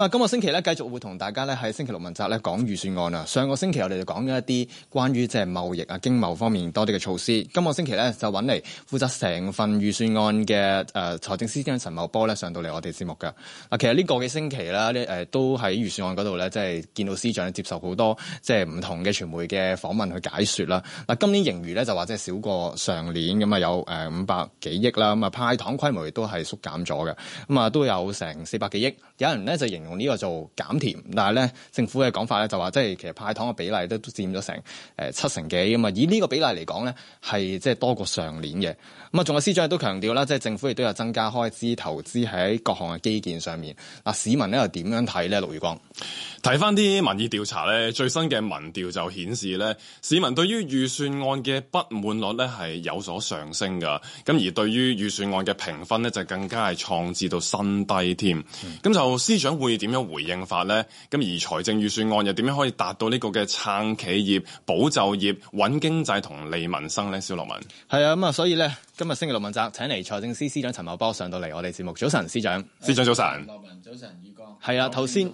啊！今個星期咧，繼續會同大家咧喺星期六問責咧講預算案啊。上個星期我哋就講咗一啲關於即係貿易啊、經貿方面多啲嘅措施。今個星期咧就搵嚟負責成份預算案嘅誒財政司長陳茂波咧上到嚟我哋節目嘅嗱。其實呢個幾星期啦，呢、呃、誒都喺預算案嗰度咧，即係見到司長接受好多即係唔同嘅傳媒嘅訪問去解說啦。嗱，今年盈餘咧就話即係少過上年咁啊，有誒五百幾億啦。咁啊派糖規模亦都係縮減咗嘅咁啊，都有成四百幾億。有人咧就形容呢個做減甜，但係咧政府嘅講法咧就話，即係其實派糖嘅比例都佔咗成七成幾咁啊！以呢個比例嚟講咧，係即係多過上年嘅。咁啊，仲有司長亦都強調啦，即係政府亦都有增加開支投資喺各項嘅基建上面。嗱，市民咧又點樣睇咧？陸宇光，睇翻啲民意調查咧，最新嘅民調就顯示咧，市民對於預算案嘅不滿率咧係有所上升㗎。咁而對於預算案嘅評分咧，就更加係創至到新低添。咁、嗯、就。司長會點樣回應法呢？咁而財政預算案又點樣可以達到呢個嘅撐企業、保就業、穩經濟同利民生呢？蕭洛汶係啊，咁、嗯、啊，所以呢，今日星期六問責，請嚟財政司司長陳茂波上到嚟我哋節目。早晨，司長，司長早晨，洛汶早晨，宇光係啊，頭先。」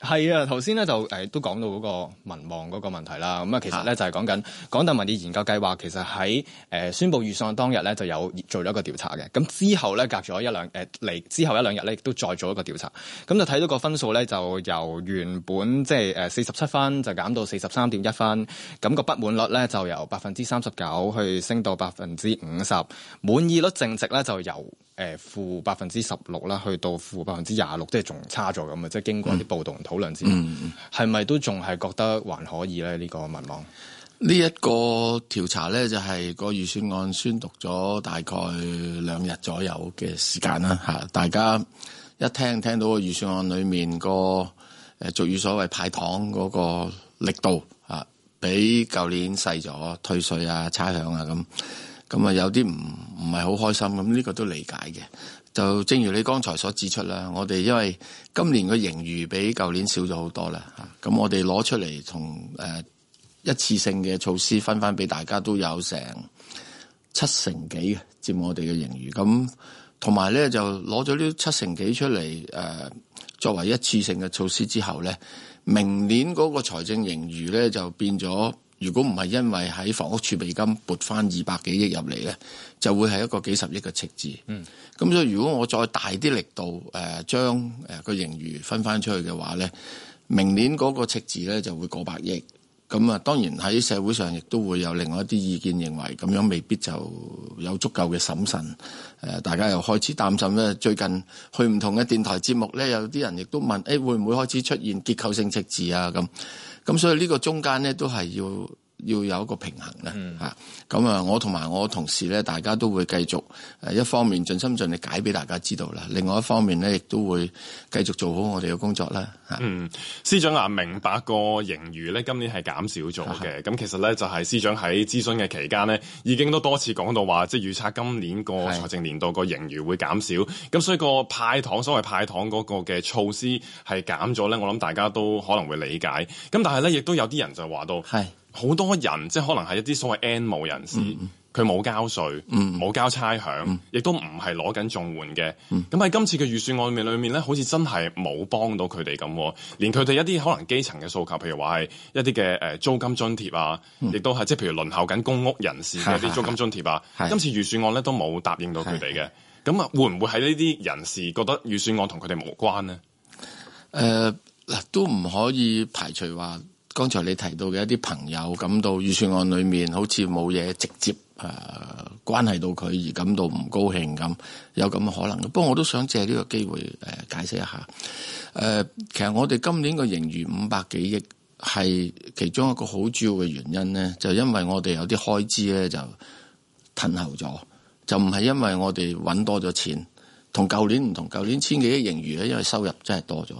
係啊，頭先咧就誒都講到嗰個民望嗰個問題啦。咁啊，其實咧就係講緊港大民意研究計劃，其實喺誒宣布預算當日咧就有做咗一個調查嘅。咁之後咧隔咗一兩誒嚟之後一兩日咧，亦都再做一個調查。咁就睇到個分數咧，就由原本即係誒四十七分就減到四十三點一分。咁個不滿率咧就由百分之三十九去升到百分之五十，滿意率淨值咧就由。誒負百分之十六啦，去到負百分之廿六，即係仲差咗咁啊！即係經過一啲報道同討論之嗯係咪都仲係覺得還可以咧？呢、呢個民望呢一個調查咧，就係個預算案宣讀咗大概兩日左右嘅時間啦。嚇，大家一聽聽到個預算案裏面，嗰個誒俗語所謂派糖嗰個力度啊，比舊年細咗，退稅啊、差餉啊咁。咁啊，有啲唔唔係好開心，咁呢個都理解嘅。就正如你剛才所指出啦，我哋因為今年嘅盈餘比舊年少咗好多啦，嚇。咁我哋攞出嚟同誒一次性嘅措施分翻俾大家，都有成七成幾嘅佔我哋嘅盈餘。咁同埋咧就攞咗呢七成幾出嚟，呃、作為一次性嘅措施之後咧，明年嗰個財政盈餘咧就變咗。如果唔係因為喺房屋儲備金撥翻二百幾億入嚟呢，就會係一個幾十億嘅赤字。嗯。咁所以如果我再大啲力度誒，將誒個盈餘分翻出去嘅話呢，明年嗰個赤字呢就會過百億。咁啊，當然喺社會上亦都會有另外一啲意見認為，咁樣未必就有足夠嘅審慎。誒，大家又開始擔心咧。最近去唔同嘅電台節目呢，有啲人亦都問：誒，會唔會開始出現結構性赤字啊？咁咁所以呢個中間咧，都係要。要有一個平衡咧，咁、嗯、啊！我同埋我同事咧，大家都會繼續一方面盡心盡力解俾大家知道啦。另外一方面咧，亦都會繼續做好我哋嘅工作啦。啊、嗯，司長啊，明白個盈餘咧，今年係減少咗嘅。咁是其實咧，就係、是、司長喺諮詢嘅期間咧，已經都多次講到話，即係預測今年個財政年度個盈餘會減少。咁是所以個派糖所謂派糖嗰個嘅措施係減咗咧，我諗大家都可能會理解。咁但係咧，亦都有啲人就話到好多人即係可能係一啲所謂 N 無人士，佢冇、嗯、交稅，冇、嗯、交差餉，亦、嗯、都唔係攞緊綜援嘅。咁喺、嗯、今次嘅預算案裡面裏面咧，好似真係冇幫到佢哋咁。連佢哋一啲可能基層嘅訴求，譬如話係一啲嘅誒租金津貼啊，亦、嗯、都係即係譬如輪候緊公屋人士嘅啲租金津貼啊，是是是是今次預算案咧都冇答應到佢哋嘅。咁啊，那會唔會喺呢啲人士覺得預算案同佢哋冇關呢？誒嗱、呃，都唔可以排除話。剛才你提到嘅一啲朋友感到預算案裏面好似冇嘢直接誒關係到佢而感到唔高興咁，有咁嘅可能。不過我都想借呢個機會誒解釋一下。誒，其實我哋今年個盈餘五百幾億係其中一個好主要嘅原因咧，就因為我哋有啲開支咧就褪後咗，就唔係因為我哋揾多咗錢，同舊年唔同，舊年千幾億盈餘咧，因為收入真係多咗。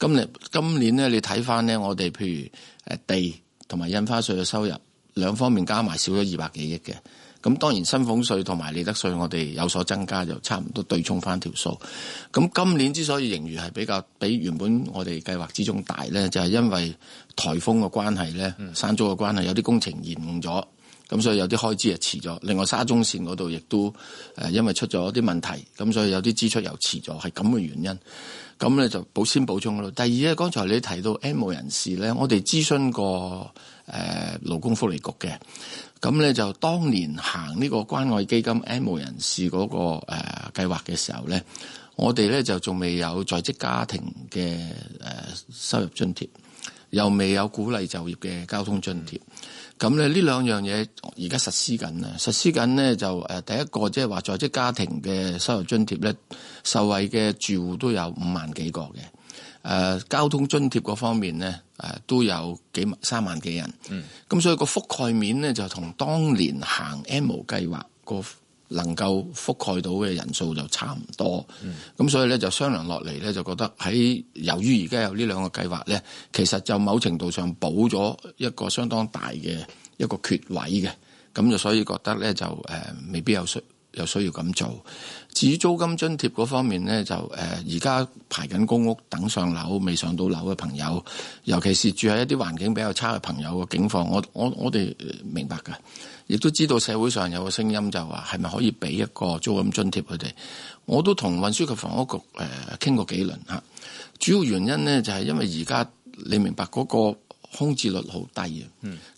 今年今年咧，你睇翻咧，我哋譬如地同埋印花稅嘅收入兩方面加埋少咗二百幾億嘅。咁當然薪俸稅同埋利得稅我哋有所增加，就差唔多對沖翻條數。咁今年之所以盈餘係比較比原本我哋計劃之中大咧，就係、是、因為颱風嘅關係咧，山竹嘅關係，有啲工程延誤咗。咁所以有啲開支啊遲咗，另外沙中綫嗰度亦都誒，因為出咗啲問題，咁所以有啲支出又遲咗，係咁嘅原因。咁咧就補先補充咯。第二咧,剛才你提到 MO 人士咧，我哋諮詢過誒勞工福利局嘅。咁咧就當年行呢個關愛基金 MO 人士嗰個誒計劃嘅時候咧，我哋咧就仲未有在職家庭嘅誒收入津貼，又未有鼓勵就業嘅交通津貼。咁咧呢兩樣嘢而家實施緊啊！實施緊咧就誒第一個即係話在職家庭嘅收入津貼咧，受惠嘅住戶都有五萬幾個嘅。誒交通津貼嗰方面咧，誒都有三萬幾人。嗯，咁所以個覆蓋面咧就同當年行 M 計劃個。能夠覆蓋到嘅人數就差唔多，咁、嗯、所以咧就商量落嚟咧，就覺得喺由於而家有呢兩個計劃咧，其實就某程度上補咗一個相當大嘅一個缺位嘅，咁就所以覺得咧就誒未必有需有需要咁做。至於租金津貼嗰方面咧，就誒而家排緊公屋等上樓，未上到樓嘅朋友，尤其是住喺一啲環境比較差嘅朋友嘅境況，我我我哋明白嘅。亦都知道社會上有個聲音就話，係咪可以俾一個租金津貼佢哋？我都同運輸及房屋局誒傾過幾輪嚇。主要原因咧就係因為而家你明白嗰個空置率好低嘅，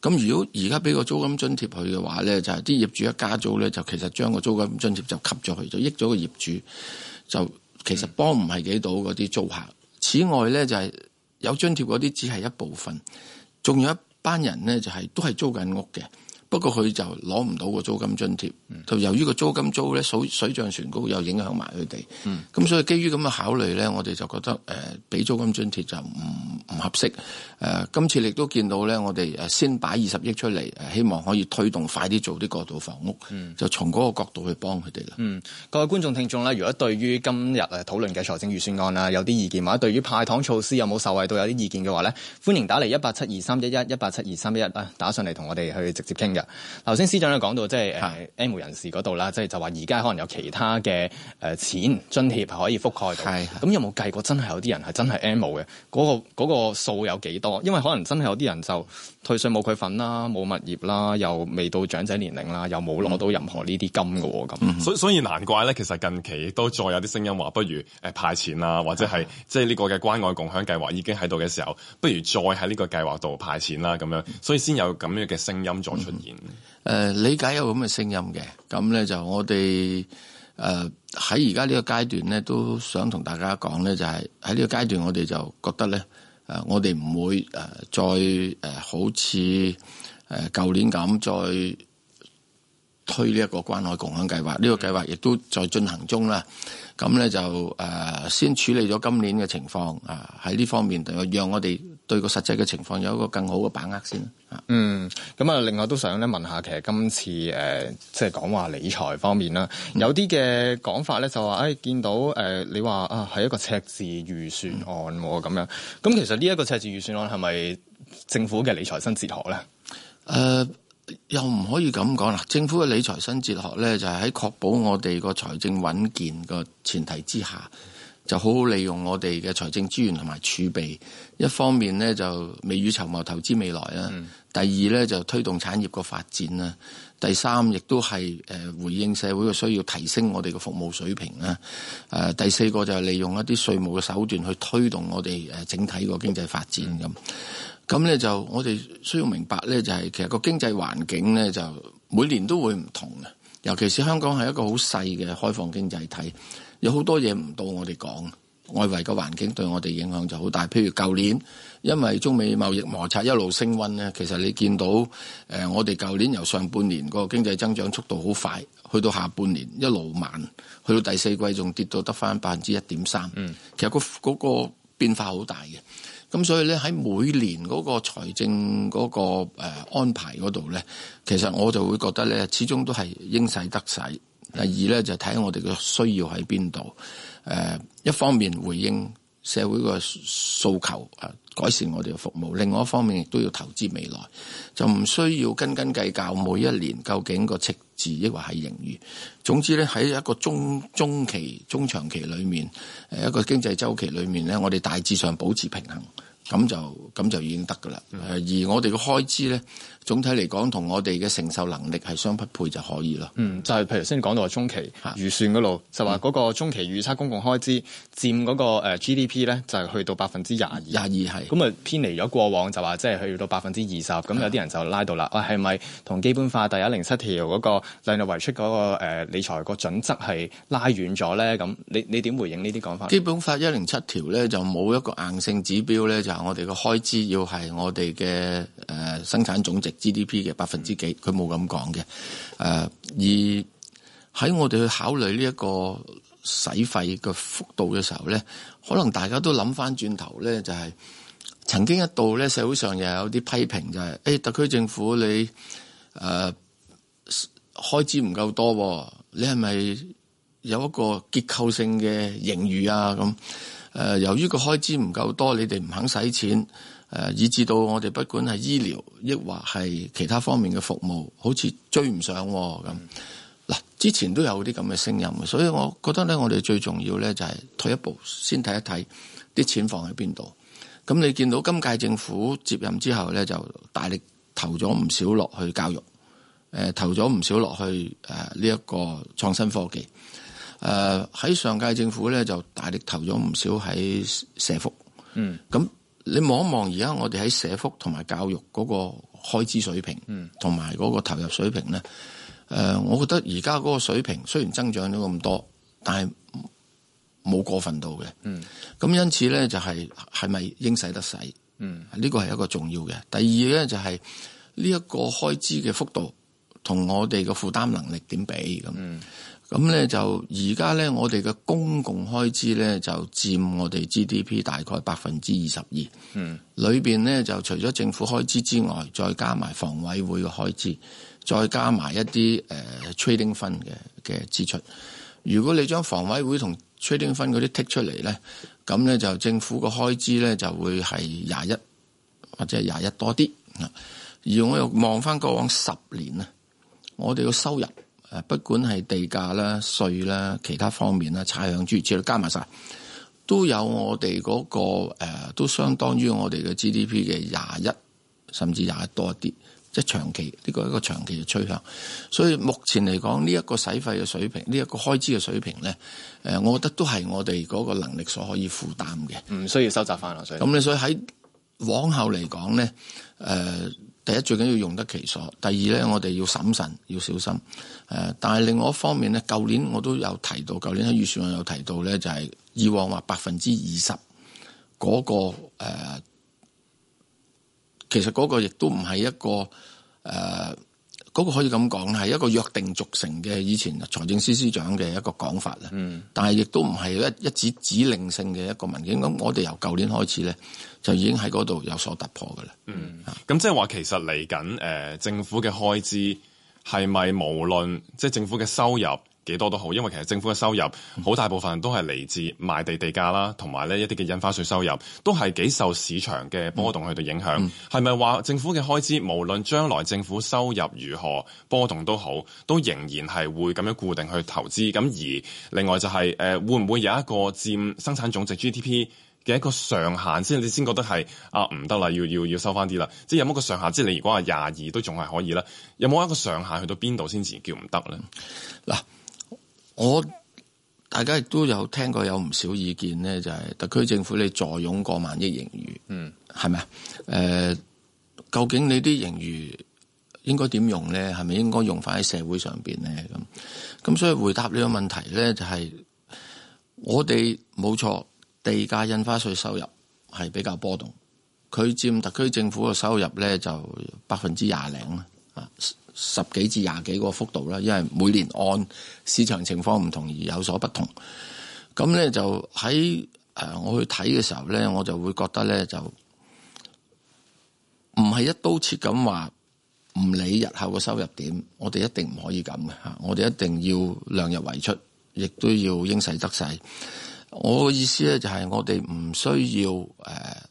咁如果而家俾個租金津貼佢嘅話咧，就係啲業主一加租咧，就其實將個租金津貼就吸咗去，就益咗個業主，就其實幫唔係幾到嗰啲租客。此外咧就係有津貼嗰啲只係一部分，仲有一班人咧就係都係租緊屋嘅。不過佢就攞唔到個租金津貼，就、嗯、由於個租金租咧水水漲船高，又影響埋佢哋。咁、嗯、所以基於咁嘅考慮咧，我哋就覺得誒俾、呃、租金津貼就唔。唔合適。誒、呃，今次亦都見到咧，我哋誒先擺二十億出嚟，希望可以推動快啲做啲過渡房屋，嗯、就從嗰個角度去幫佢哋啦。嗯，各位觀眾聽眾咧，如果對於今日誒討論嘅財政預算案啊有啲意見，或者對於派糖措施有冇受惠到有啲意見嘅話咧，歡迎打嚟一八七二三一一一八七二三一一啦，打上嚟同我哋去直接傾嘅。頭先司長有講到即、就、係、是、是 M 人士嗰度啦，即係就話而家可能有其他嘅誒錢津貼可以覆蓋到，咁是有冇計過真係有啲人係真係 M 嘅嗰、那個、那個個數有幾多？因為可能真係有啲人就退稅冇佢份啦，冇物業啦，又未到長者年齡啦，又冇攞到任何呢啲金嘅咁、哦，嗯、哼所以所以難怪咧。其實近期都再有啲聲音話，不如誒、呃、派錢啦，或者係、嗯、哼即係呢個嘅關愛共享計劃已經喺度嘅時候，不如再喺呢個計劃度派錢啦，咁樣，所以先有咁樣嘅聲音再出現。誒、嗯呃，理解有咁嘅聲音嘅，咁咧就我哋誒喺而家呢個階段咧，都想同大家講咧，就係喺呢個階段，我哋就覺得咧。誒，我哋唔會誒再誒、呃、好似誒舊年咁再推呢一個關愛共享計劃。呢、這個計劃亦都在進行中啦。咁咧就誒、呃、先處理咗今年嘅情況啊。喺、呃、呢方面，讓我哋。對個實際嘅情況有一個更好嘅把握先啊！嗯，咁啊，另外都想咧問下，其實今次誒、呃、即係講話理財方面啦，嗯、有啲嘅講法咧就話，誒、哎、見到誒、呃、你話啊係一個赤字預算案咁、嗯、樣，咁其實呢一個赤字預算案係咪政府嘅理財新哲學咧？誒、呃，又唔可以咁講啦，政府嘅理財新哲學咧，就係喺確保我哋個財政穩健個前提之下。就好好利用我哋嘅財政資源同埋儲備，一方面咧就未雨綢繆，投資未來啦；第二咧就推動產業嘅發展啦；第三亦都係誒回應社會嘅需要，提升我哋嘅服務水平啦；誒第四個就係利用一啲稅務嘅手段去推動我哋誒整體個經濟發展咁。咁咧就我哋需要明白咧，就係其實個經濟環境咧就每年都會唔同嘅，尤其是香港係一個好細嘅開放經濟體。有好多嘢唔到我哋講。外圍嘅環境對我哋影響就好大。譬如舊年，因為中美貿易摩擦一路升溫咧，其實你見到誒、呃，我哋舊年由上半年個經濟增長速度好快，去到下半年一路慢，去到第四季仲跌到得返百分之一點三。嗯，其實、嗰個嗰、嗰個、變化好大嘅。咁所以咧，喺每年嗰個財政嗰個安排嗰度咧，其實我就會覺得咧，始終都係應使得使。第二咧，就睇下我哋嘅需要喺邊度，誒一方面回應社會個訴求，改善我哋嘅服務；另外一方面亦都要投資未來，就唔需要斤斤計較每一年究竟個赤字抑或係盈餘。總之咧，喺一個中中期、中長期裏面，誒一個經濟周期裏面咧，我哋大致上保持平衡，咁就咁就已經得噶啦。而我哋嘅開支咧。總體嚟講，同我哋嘅承受能力係相匹配就可以啦。嗯，就係、是、譬如先講到中期預算嗰度，的就話嗰個中期預測公共開支佔嗰個 GDP 咧，就係去到百分之廿二。廿二係咁啊，偏離咗過往就話即係去到百分之二十，咁有啲人就拉到啦。喂，係咪同基本法第一零七條嗰個量入為出嗰個理財個準則係拉遠咗咧？咁你你點回應這些呢啲講法？基本法一零七條咧就冇一個硬性指標咧，就係、是、我哋嘅開支要係我哋嘅誒生產總值，GDP 嘅百分之幾，佢冇咁講嘅。誒，而喺我哋去考慮呢一個使費嘅幅度嘅時候咧，可能大家都諗翻轉頭咧、就是，就係曾經一度咧，社會上又有啲批評就係、是，誒、欸，特區政府你誒、呃、開支唔夠多，你係咪有一個結構性嘅盈餘啊？咁、呃、誒，由於個開支唔夠多，你哋唔肯使錢。誒，以至到我哋不管係醫療，抑或係其他方面嘅服務，好似追唔上喎咁。嗱，之前都有啲咁嘅聲音，所以我覺得咧，我哋最重要咧就係退一步，先睇一睇啲錢放喺邊度。咁你見到今屆政府接任之後咧，就大力投咗唔少落去教育，誒投咗唔少落去誒呢一個創新科技。誒喺上屆政府咧就大力投咗唔少喺社福，嗯，咁。你望一望而家，我哋喺社福同埋教育嗰個開支水平，嗯，同埋嗰個投入水平咧，誒，我覺得而家嗰個水平雖然增長咗咁多，但係冇過分到嘅，嗯，咁因此咧就係係咪應使得使，嗯，呢個係一個重要嘅。第二咧就係呢一個開支嘅幅度同我哋嘅負擔能力點比咁。嗯咁咧就而家咧，我哋嘅公共開支咧就佔我哋 GDP 大概百分之二十二。嗯，裏邊咧就除咗政府開支之外，再加埋房委會嘅開支，再加埋一啲誒 trading 分嘅嘅支出。如果你將房委會同 trading 分嗰啲剔出嚟咧，咁咧就政府嘅開支咧就會係廿一或者廿一多啲。而我又望翻過往十年啊，我哋嘅收入。誒，不管係地價啦、稅啦、其他方面啦、差餉、諸如此類加埋晒，都有我哋嗰、嗰個、呃、都相當於我哋嘅 GDP 嘅廿一，甚至廿多啲，即係長期呢、這個一個長期嘅趨向。所以目前嚟講，呢、這、一個使費嘅水平，呢、這、一個開支嘅水平咧，誒、呃，我覺得都係我哋嗰個能力所可以負擔嘅，唔需、嗯、要收窄翻落水。咁你所以喺往後嚟講咧，誒、呃。第一，最緊要用得其所，第二咧，我哋要審慎，要小心。誒、呃，但係另外一方面咧，舊年我都有提到，舊年喺預算案有提到咧，就係、是、以往話百分之二十嗰個、呃、其實嗰個亦都唔係一個誒。呃嗰個可以咁講，係一個約定俗成嘅以前財政司司長嘅一個講法啦。嗯，但係亦都唔係一一指指令性嘅一個文件。咁、嗯、我哋由舊年開始咧，就已經喺嗰度有所突破㗎喇。嗯，咁即係話其實嚟緊誒政府嘅開支係咪無論即係、即係、政府嘅收入？幾多都好，因為其實政府嘅收入好大部分都係嚟自賣地地價啦，同埋呢一啲嘅印花稅收入，都係幾受市場嘅波動去到影響。係咪話政府嘅開支無論將來政府收入如何波動都好，都仍然係會咁樣固定去投資？咁而另外就係、是、誒，會唔會有一個佔生產總值 GDP 嘅一個上限先？你先覺得係啊唔得啦，要要要收翻啲啦？即係有冇個上限，即係你如果係廿二都仲係可以啦，有冇一個上限去到邊度先至叫唔得咧？嗱。我大家亦都有聽過有唔少意見咧，就係特區政府你坐擁過萬億盈餘，嗯，係咪啊？誒，究竟你啲盈餘應該點用咧？係咪應該用返喺社會上邊咧？咁咁，所以回答呢個問題咧，就係我哋冇錯，地價印花稅收入係比較波動，佢佔特區政府嘅收入咧就百分之廿零啦，啊。十幾至廿幾個幅度啦，因為每年按市場情況唔同而有所不同。咁咧就喺誒我去睇嘅時候咧，我就會覺得咧就唔係一刀切咁話，唔理日後嘅收入點，我哋一定唔可以咁嘅吓。我哋一定要量入為出，亦都要應使得使。我嘅意思咧就係我哋唔需要誒、呃、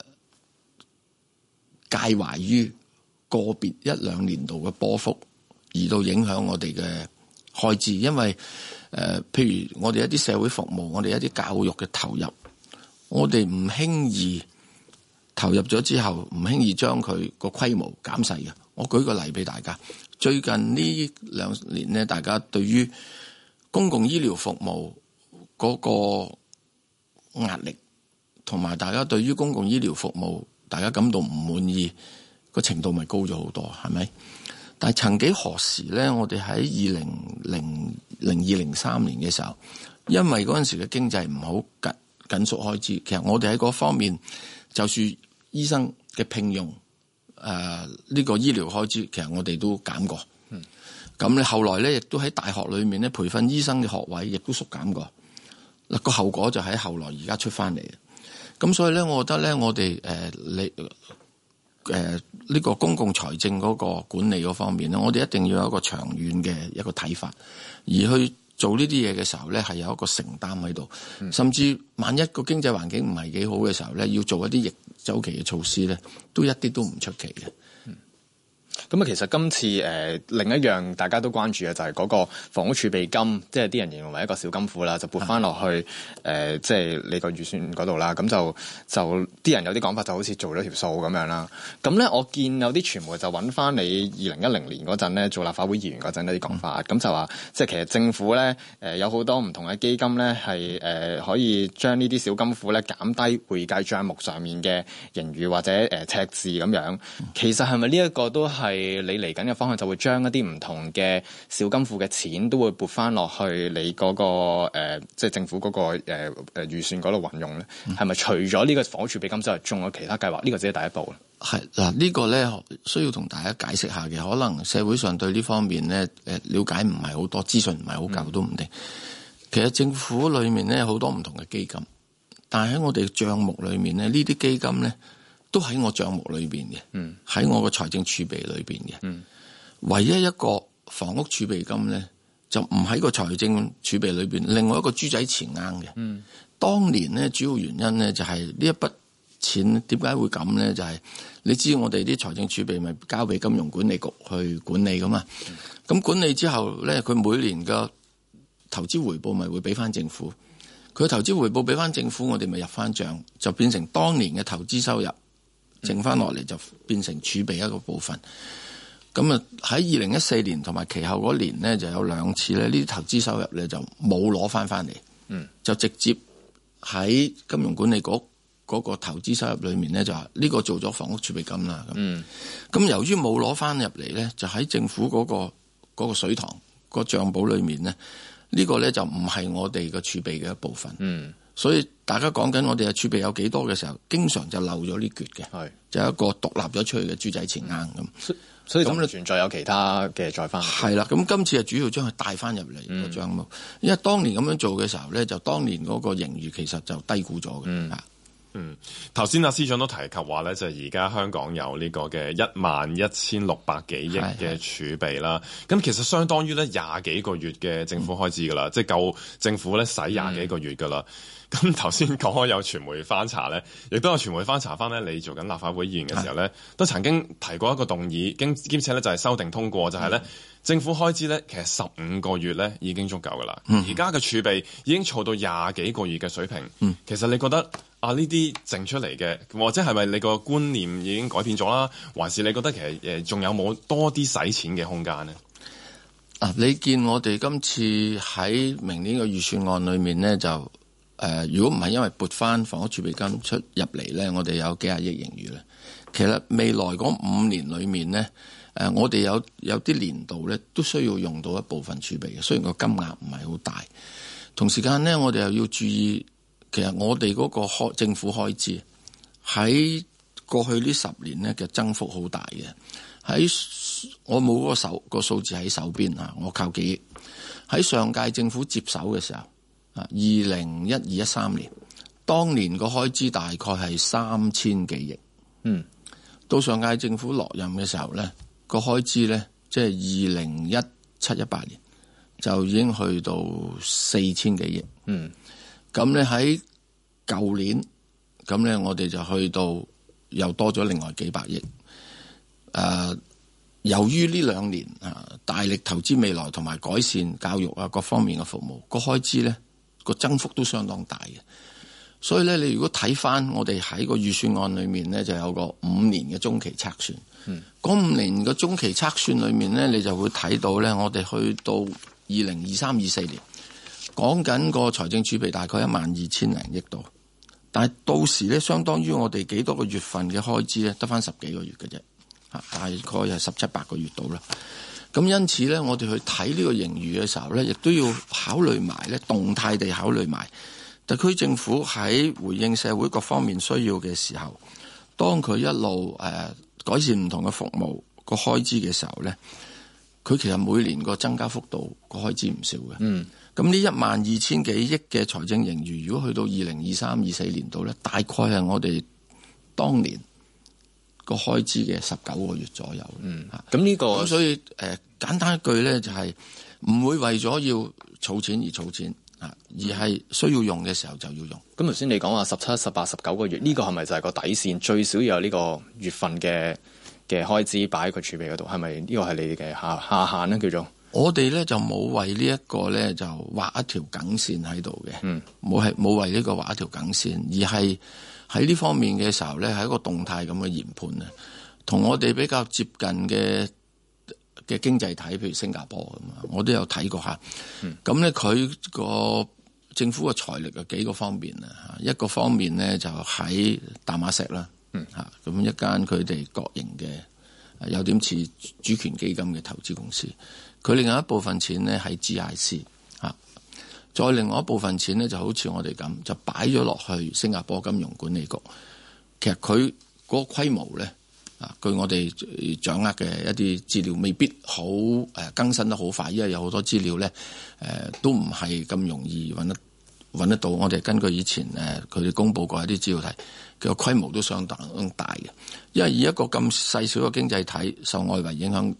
介懷於個別一兩年度嘅波幅。而到影響我哋嘅開支，因為誒、呃，譬如我哋一啲社會服務，我哋一啲教育嘅投入，我哋唔輕易投入咗之後，唔輕易將佢個規模減細嘅。我舉個例俾大家，最近呢兩年咧，大家對於公共醫療服務嗰個壓力，同埋大家對於公共醫療服務，大家感到唔滿意，個程度咪高咗好多，係咪？但係曾幾何時咧？我哋喺二零零零二零三年嘅時候，因為嗰陣時嘅經濟唔好，緊緊縮開支。其實我哋喺嗰方面，就算醫生嘅聘用，誒、呃、呢個醫療開支，其實我哋都減過。嗯。咁咧，後來咧，亦都喺大學裏面咧培訓醫生嘅學位，亦都縮減過。嗱個後果就喺後來而家出翻嚟。咁所以咧，我覺得咧，我哋誒你。誒，呢個公共財政嗰個管理嗰方面咧，我哋一定要有一個長遠嘅一個睇法，而去做呢啲嘢嘅時候咧，係有一個承擔喺度，甚至萬一個經濟環境唔係幾好嘅時候咧，要做一啲逆周期嘅措施咧，都一啲都唔出奇嘅。咁啊，其實今次誒、呃，另一樣大家都關注嘅就係嗰個房屋儲備金，即係啲人形容為一個小金庫啦，就撥翻落去誒，即係你個預算嗰度啦。咁就就啲人有啲講法，就好似做咗條數咁樣啦。咁咧，我見有啲傳媒就揾翻你二零一零年嗰陣咧，做立法會議員嗰陣啲講法，咁、嗯、就話即係其實政府咧，誒、呃、有好多唔同嘅基金咧，係誒、呃、可以將呢啲小金庫咧減低會計賬目上面嘅盈餘或者誒、呃、赤字咁樣。其實係咪呢一個都？係你嚟緊嘅方向，就會將一啲唔同嘅小金庫嘅錢都會撥翻落去你嗰、那個誒，即、呃、係、就是、政府嗰、那個誒誒、呃、預算嗰度運用咧。係咪、嗯、除咗呢個房屋儲備金之外，仲有其他計劃？呢、這個只係第一步啦。係嗱，這個、呢個咧需要同大家解釋下嘅，可能社會上對呢方面咧誒了解唔係好多，資訊唔係好夠都唔定。其實政府裏面咧好多唔同嘅基金，但係喺我哋賬目裏面咧，呢啲基金咧。都喺我賬目裏邊嘅，喺我個財政儲備裏邊嘅。嗯、唯一一個房屋儲備金咧，就唔喺個財政儲備裏邊。另外一個豬仔錢硬嘅，嗯、當年咧主要原因咧就係呢一筆錢點解會咁咧？就係、是、你知我哋啲財政儲備咪交俾金融管理局去管理噶嘛。咁管理之後咧，佢每年嘅投資回報咪會俾翻政府，佢投資回報俾翻政府，我哋咪入翻賬，就變成當年嘅投資收入。剩翻落嚟就變成儲備一個部分。咁啊喺二零一四年同埋其後嗰年呢，就有兩次咧，呢啲投資收入咧就冇攞翻翻嚟，嗯、就直接喺金融管理局嗰、嗰個投資收入裏面咧、嗰個嗯，就話呢個做咗房屋儲備金啦。咁，咁由於冇攞翻入嚟咧，就喺政府嗰、嗰個嗰個水塘、嗰個帳簿裏面咧，呢、呢個咧就唔係我哋個儲備嘅一部分。嗯所以大家講緊我哋嘅儲備有幾多嘅時候，經常就漏咗呢橛嘅，是就一個獨立咗出去嘅豬仔錢罌咁。所以咁嘅存在有其他嘅再翻。係啦，咁今次係主要將佢帶翻入嚟嗰張咯，嗯、因為當年咁樣做嘅時候咧，就當年嗰個盈餘其實就低估咗嘅。嗯，頭先阿司長都提及話咧，就係而家香港有呢個嘅一萬一千六百幾億嘅儲備啦。咁是是 其實相當於咧廿幾個月嘅政府開支噶啦，嗯、即係夠政府咧使廿幾個月噶啦。咁頭先講開有傳媒翻查咧，亦都有傳媒翻查翻咧，你做緊立法會議員嘅時候咧，是是都曾經提過一個動議，兼兼且咧就係修訂通過，就係、是、咧政府開支咧其實十五個月咧已經足夠噶啦。而家嘅儲備已經儲到廿幾個月嘅水平。嗯、其實你覺得？啊！呢啲剩出嚟嘅，或者係咪你個觀念已經改變咗啦？還是你覺得其實誒仲有冇多啲使錢嘅空間呢？啊！你見我哋今次喺明年嘅預算案裏面呢，就誒、呃，如果唔係因為撥翻房屋儲備金出入嚟咧，我哋有幾廿億盈餘咧。其實未來嗰五年裏面呢，誒、呃，我哋有有啲年度咧，都需要用到一部分儲備嘅，雖然個金額唔係好大。同時間呢，我哋又要注意。其實我哋嗰個政府開支喺過去呢十年咧嘅增幅好大嘅。喺我冇個手、嗰個數字喺手邊啊，我靠記憶。喺上屆政府接手嘅時候，啊，二零一二一三年，當年個開支大概係三千幾億。嗯，到上屆政府落任嘅時候咧，個開支咧即係二零一七一八年就已經去到四千幾億。嗯。咁咧喺舊年，咁咧我哋就去到又多咗另外幾百億。誒、呃，由於呢兩年啊，大力投資未來同埋改善教育啊各方面嘅服務，個開支咧個增幅都相當大嘅。所以咧，你如果睇翻我哋喺個預算案裏面咧，就有個五年嘅中期測算。嗰五年嘅中期測算裏面咧，你就會睇到咧，我哋去到二零二三、二四年。講緊個財政儲備大概一萬二千零億度，但係到時咧，相當於我哋幾多個月份嘅開支咧，得翻十幾個月嘅啫，大概係十七八個月度啦。咁因此咧，我哋去睇呢個盈餘嘅時候咧，亦都要考慮埋咧，動態地考慮埋特區政府喺回應社會各方面需要嘅時候，當佢一路誒改善唔同嘅服務個開支嘅時候咧，佢其實每年個增加幅度個開支唔少嘅。嗯咁呢一萬二千幾億嘅財政盈餘，如果去到二零二三二四年度咧，大概係我哋當年個開支嘅十九個月左右。嗯，咁呢、這個所以誒、呃、簡單一句咧，就係、係、唔會為咗要儲錢而儲錢啊，而係需要用嘅時候就要用。咁頭先你講話十七、十八、十九個月，呢、呢個係咪就係個底線？最少要有呢個月份嘅嘅開支擺喺佢儲備嗰度，係咪呢個係你嘅下下限咧？叫做。我哋咧就冇為呢一個咧就畫一條梗線喺度嘅，冇係冇為呢個畫一條梗線，而係喺呢方面嘅時候咧係一個動態咁嘅研判咧，同我哋比較接近嘅嘅經濟體，譬如新加坡咁啊，我都有睇過下。咁咧佢個政府嘅財力有幾個方面啊，一個方面咧就喺淡馬錫啦，嚇咁、嗯、一間佢哋國營嘅。有點似主權基金嘅投資公司，佢另外一部分錢咧喺 GIC 啊，再另外一部分錢呢就好似我哋咁，就擺咗落去新加坡金融管理局。其實佢嗰個規模呢，啊據我哋掌握嘅一啲資料未必好誒更新得好快，因為有好多資料咧誒都唔係咁容易揾得。揾得到，我哋根據以前誒佢哋公布過一啲資料睇，佢個規模都相當大嘅。因為以一個咁細小嘅經濟體受外圍影響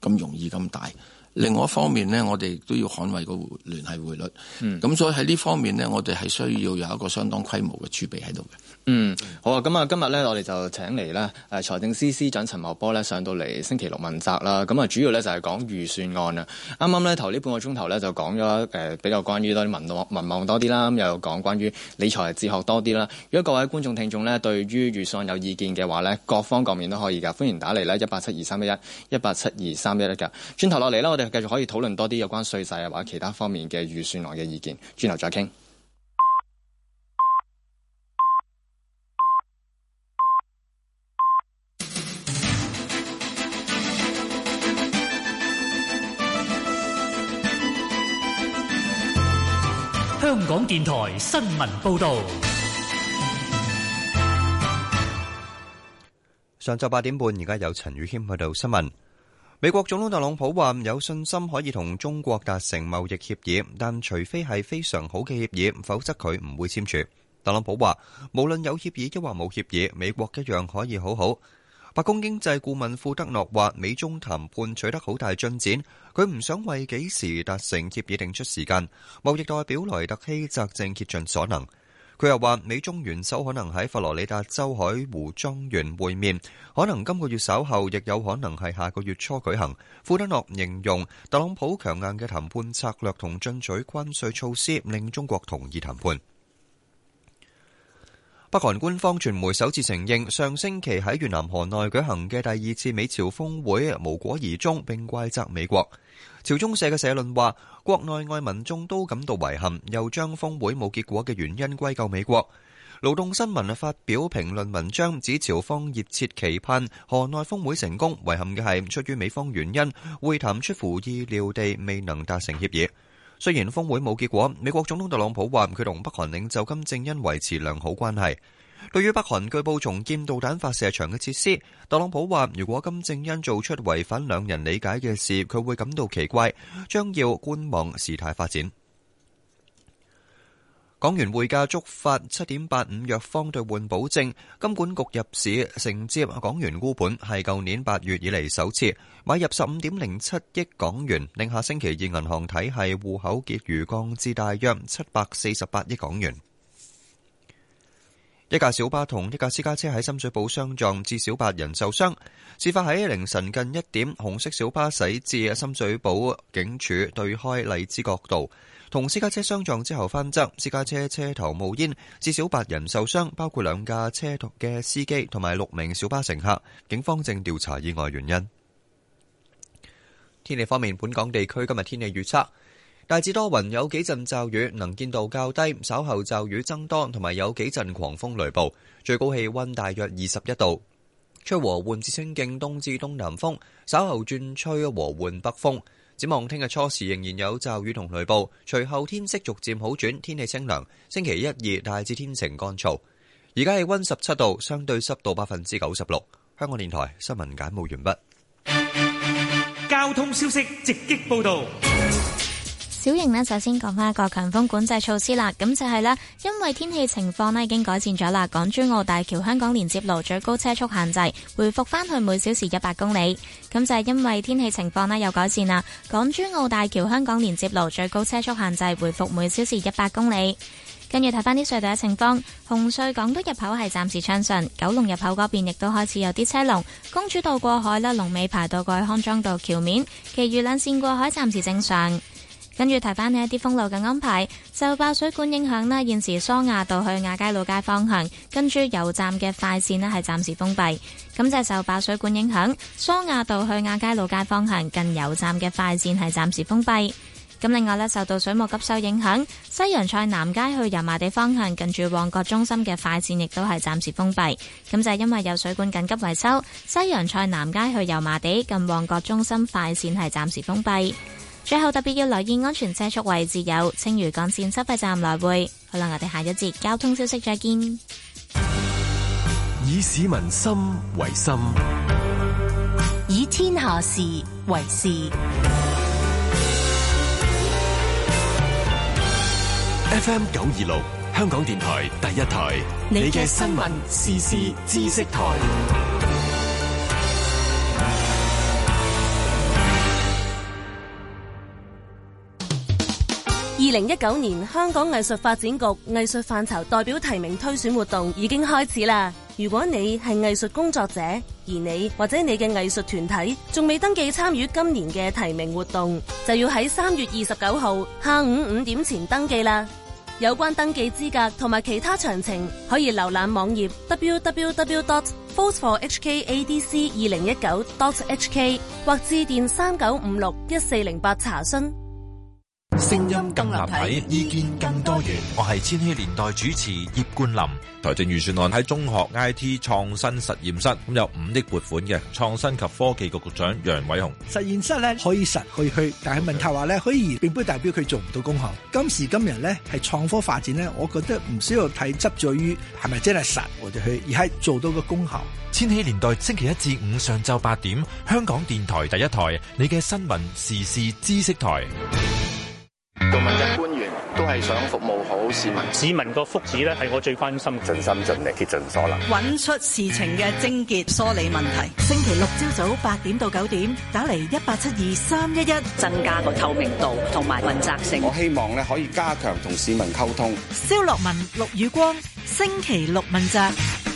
咁容易咁大，另外一方面咧，我哋都要捍衛個聯繫匯率。咁、嗯、所以喺呢方面咧，我哋係需要有一個相當規模嘅儲備喺度嘅。嗯，好啊，咁啊，今日呢，我哋就請嚟呢誒，財政司司長陳茂波呢上到嚟星期六問責啦。咁啊，啊，主要呢就係、是、講預算案啊。啱啱呢頭呢半個鐘頭呢，就講咗、呃、比較關於多啲民望民望多啲啦，咁又講關於理財哲學多啲啦。如果各位觀眾聽眾呢，對於預算案有意見嘅話呢，各方各面都可以噶，歡迎打嚟呢一八七二三一一一八七二三一一噶。轉頭落嚟呢，我哋繼續可以討論多啲有關稅制啊，或者其他方面嘅預算案嘅意見。轉頭再傾。香港電台新聞報道：上晝八點半，而家有陳宇謙報道新聞。美國總統特朗普話有信心可以同中國達成貿易協議，但除非係非常好嘅協議，否則佢唔會簽署。特朗普話，無論有協議抑或冇協議，美國一樣可以好好。白宮經濟顧問庫德諾話：美中談判取得好大進展，佢唔想為幾時達成協議定出時間。貿易代表萊特希澤正竭盡所能。佢又話：美中元首可能喺佛羅里達州海湖莊園會面，可能今個月稍後，亦有可能係下個月初舉行。庫德諾形容特朗普強硬嘅談判策略同進取關稅措施，令中國同意談判。北韓官方傳媒首次承認上星期喺越南河內舉行嘅第二次美朝峰會無果而終，並怪責美國。朝中社嘅社論話，國內外民眾都感到遺憾，又將峰會冇結果嘅原因歸咎美國。勞動新聞發表評論文章，指朝方熱切期盼河內峰會成功，遺憾嘅係出於美方原因，會談出乎意料地未能達成協議。雖然峰會冇結果，美國總統特朗普話佢同北韓領袖金正恩維持良好關係。對於北韓據報重建導彈發射場嘅設施，特朗普話，如果金正恩做出違反兩人理解嘅事，佢會感到奇怪，將要觀望事態發展。港元匯價觸發七點八五弱方兌換保證，金管局入市承接港元沽盤，係舊年八月以嚟首次買入十五點零七億港元，令下星期二銀行體系戶口結餘降至大約七百四十八億港元。一架小巴同一架私家車喺深水埗相撞，至少八人受傷。事發喺凌晨近一點，紅色小巴駛至深水埗警署對開荔枝角道，同私家車相撞之後翻側，私家車車頭冒煙，至少八人受傷，包括兩架車嘅司機同埋六名小巴乘客。警方正調查意外原因。天氣方面，本港地區今日天氣預測。大致多雲，有幾陣驟雨，能見度較低，稍後驟雨增多，同埋有幾陣狂風雷暴，最高氣溫大約二十一度。吹和緩至清勁東至東南風，稍後轉吹和緩北風。展望聽日初時仍然有驟雨同雷暴，隨後天色逐漸好轉，天氣清涼。星期一、二大致天晴乾燥。而家氣溫十七度，相對濕度百分之九十六。香港電台新聞簡報完畢。交通消息直擊報道。小型呢，首先講返一個強風管制措施啦。咁就係、是、啦因為天氣情況呢已經改善咗啦。港珠澳大橋、香港連接路最高車速限制回復返去每小時一百公里。咁就係、是、因為天氣情況呢有改善啦。港珠澳大橋、香港連接路最高車速限制回復每小時一百公里。跟住睇翻啲隧道嘅情況，紅隧港島入口係暫時暢順，九龍入口嗰邊亦都開始有啲車龍。公主道過海啦，龍尾排到過去康莊道橋面，其餘兩線過海暫時正常。跟住提翻呢一啲封路嘅安排，受爆水管影響呢，現時桑亞道去亞皆老街方向，跟住油站嘅快線呢係暫時封閉。咁就係受爆水管影響，桑亞道去亞皆老街方向近油站嘅快線係暫時封閉。咁另外呢，受到水務急修影響，西洋菜南街去油麻地方向，近住旺角中心嘅快線亦都係暫時封閉。咁就係因為有水管緊急維修，西洋菜南街去油麻地近旺角中心快線係暫時封閉。最後特別要留意安全車速位置，有青嶼港線收費站來回。好啦，我哋下一節交通消息再見。以市民心為心，以天下事為事。F M 九二六，香港電台第一台，你嘅新聞時事知識台。二零一九年香港藝術發展局藝術範疇代表提名推選活動已經開始啦！如果你係藝術工作者，而你或者你嘅藝術團體仲未登記參與今年嘅提名活動，就要喺三月二十九號下午五點前登記啦。有關登記資格同埋其他詳情，可以瀏覽網頁 www.forsforhkadc 二零一九 .hk 或致電三九五六一四零八查詢。聲音更立體，意見更多元。我係千禧年代主持葉冠霖。財政預算案喺中學 IT 創新實驗室，咁有五億撥款嘅創新及科技局局，局長楊偉雄。實驗室咧可以實，可以虛，但係問題話咧，虛而並不代表佢做唔到功效。今時今日咧，係創科發展咧，我覺得唔需要太執着於係咪真係實或者虛，而係做到個功效。千禧年代星期一至五上晝八點，香港電台第一台，你嘅新聞時事知識台。想服務好市民，市民個福祉咧係我最關心，盡心盡力竭盡所能，揾出事情嘅症結、梳理問題。星期六朝早八點到九點，打嚟一八七二三一一，增加個透明度同埋問責性。我希望咧可以加強同市民溝通。蕭洛汶、陸宇光，星期六問責。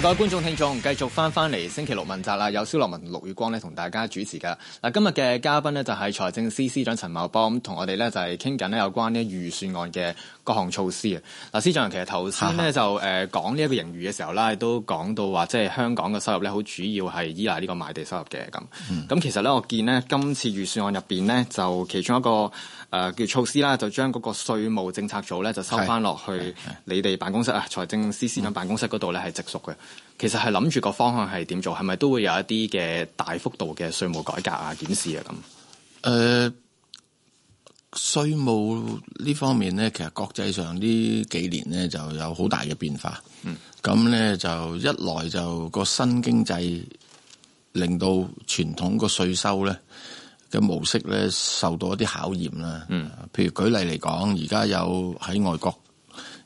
各位觀眾、聽眾，繼續翻返嚟星期六問責啦，有蕭洛汶、陸宇光咧同大家主持噶。嗱，今日嘅嘉賓咧就係財政司司長陳茂波，咁同我哋咧就係傾緊咧有關呢預算案嘅。各項措施啊！嗱，司長其實頭先咧就誒講呢一個盈餘嘅時候咧，都講是到話即係香港嘅收入咧，好主要係依賴呢個賣地收入嘅咁。咁、嗯、其實咧，我見咧今次預算案入邊咧，就其中一個誒、呃、叫措施啦，就將嗰個稅務政策組咧就收翻落去你哋辦公室啊，是是是財政司司長辦公室嗰度咧係直屬嘅。其實係諗住個方向係點做？係咪都會有一啲嘅大幅度嘅稅務改革啊、檢視啊咁？呃稅務呢方面咧，其實國際上呢幾年咧就有好大嘅變化。嗯，咁咧就一來就個新經濟令到傳統個稅收咧嘅模式咧受到一啲考驗啦。嗯，譬如舉例嚟講，而家有喺外國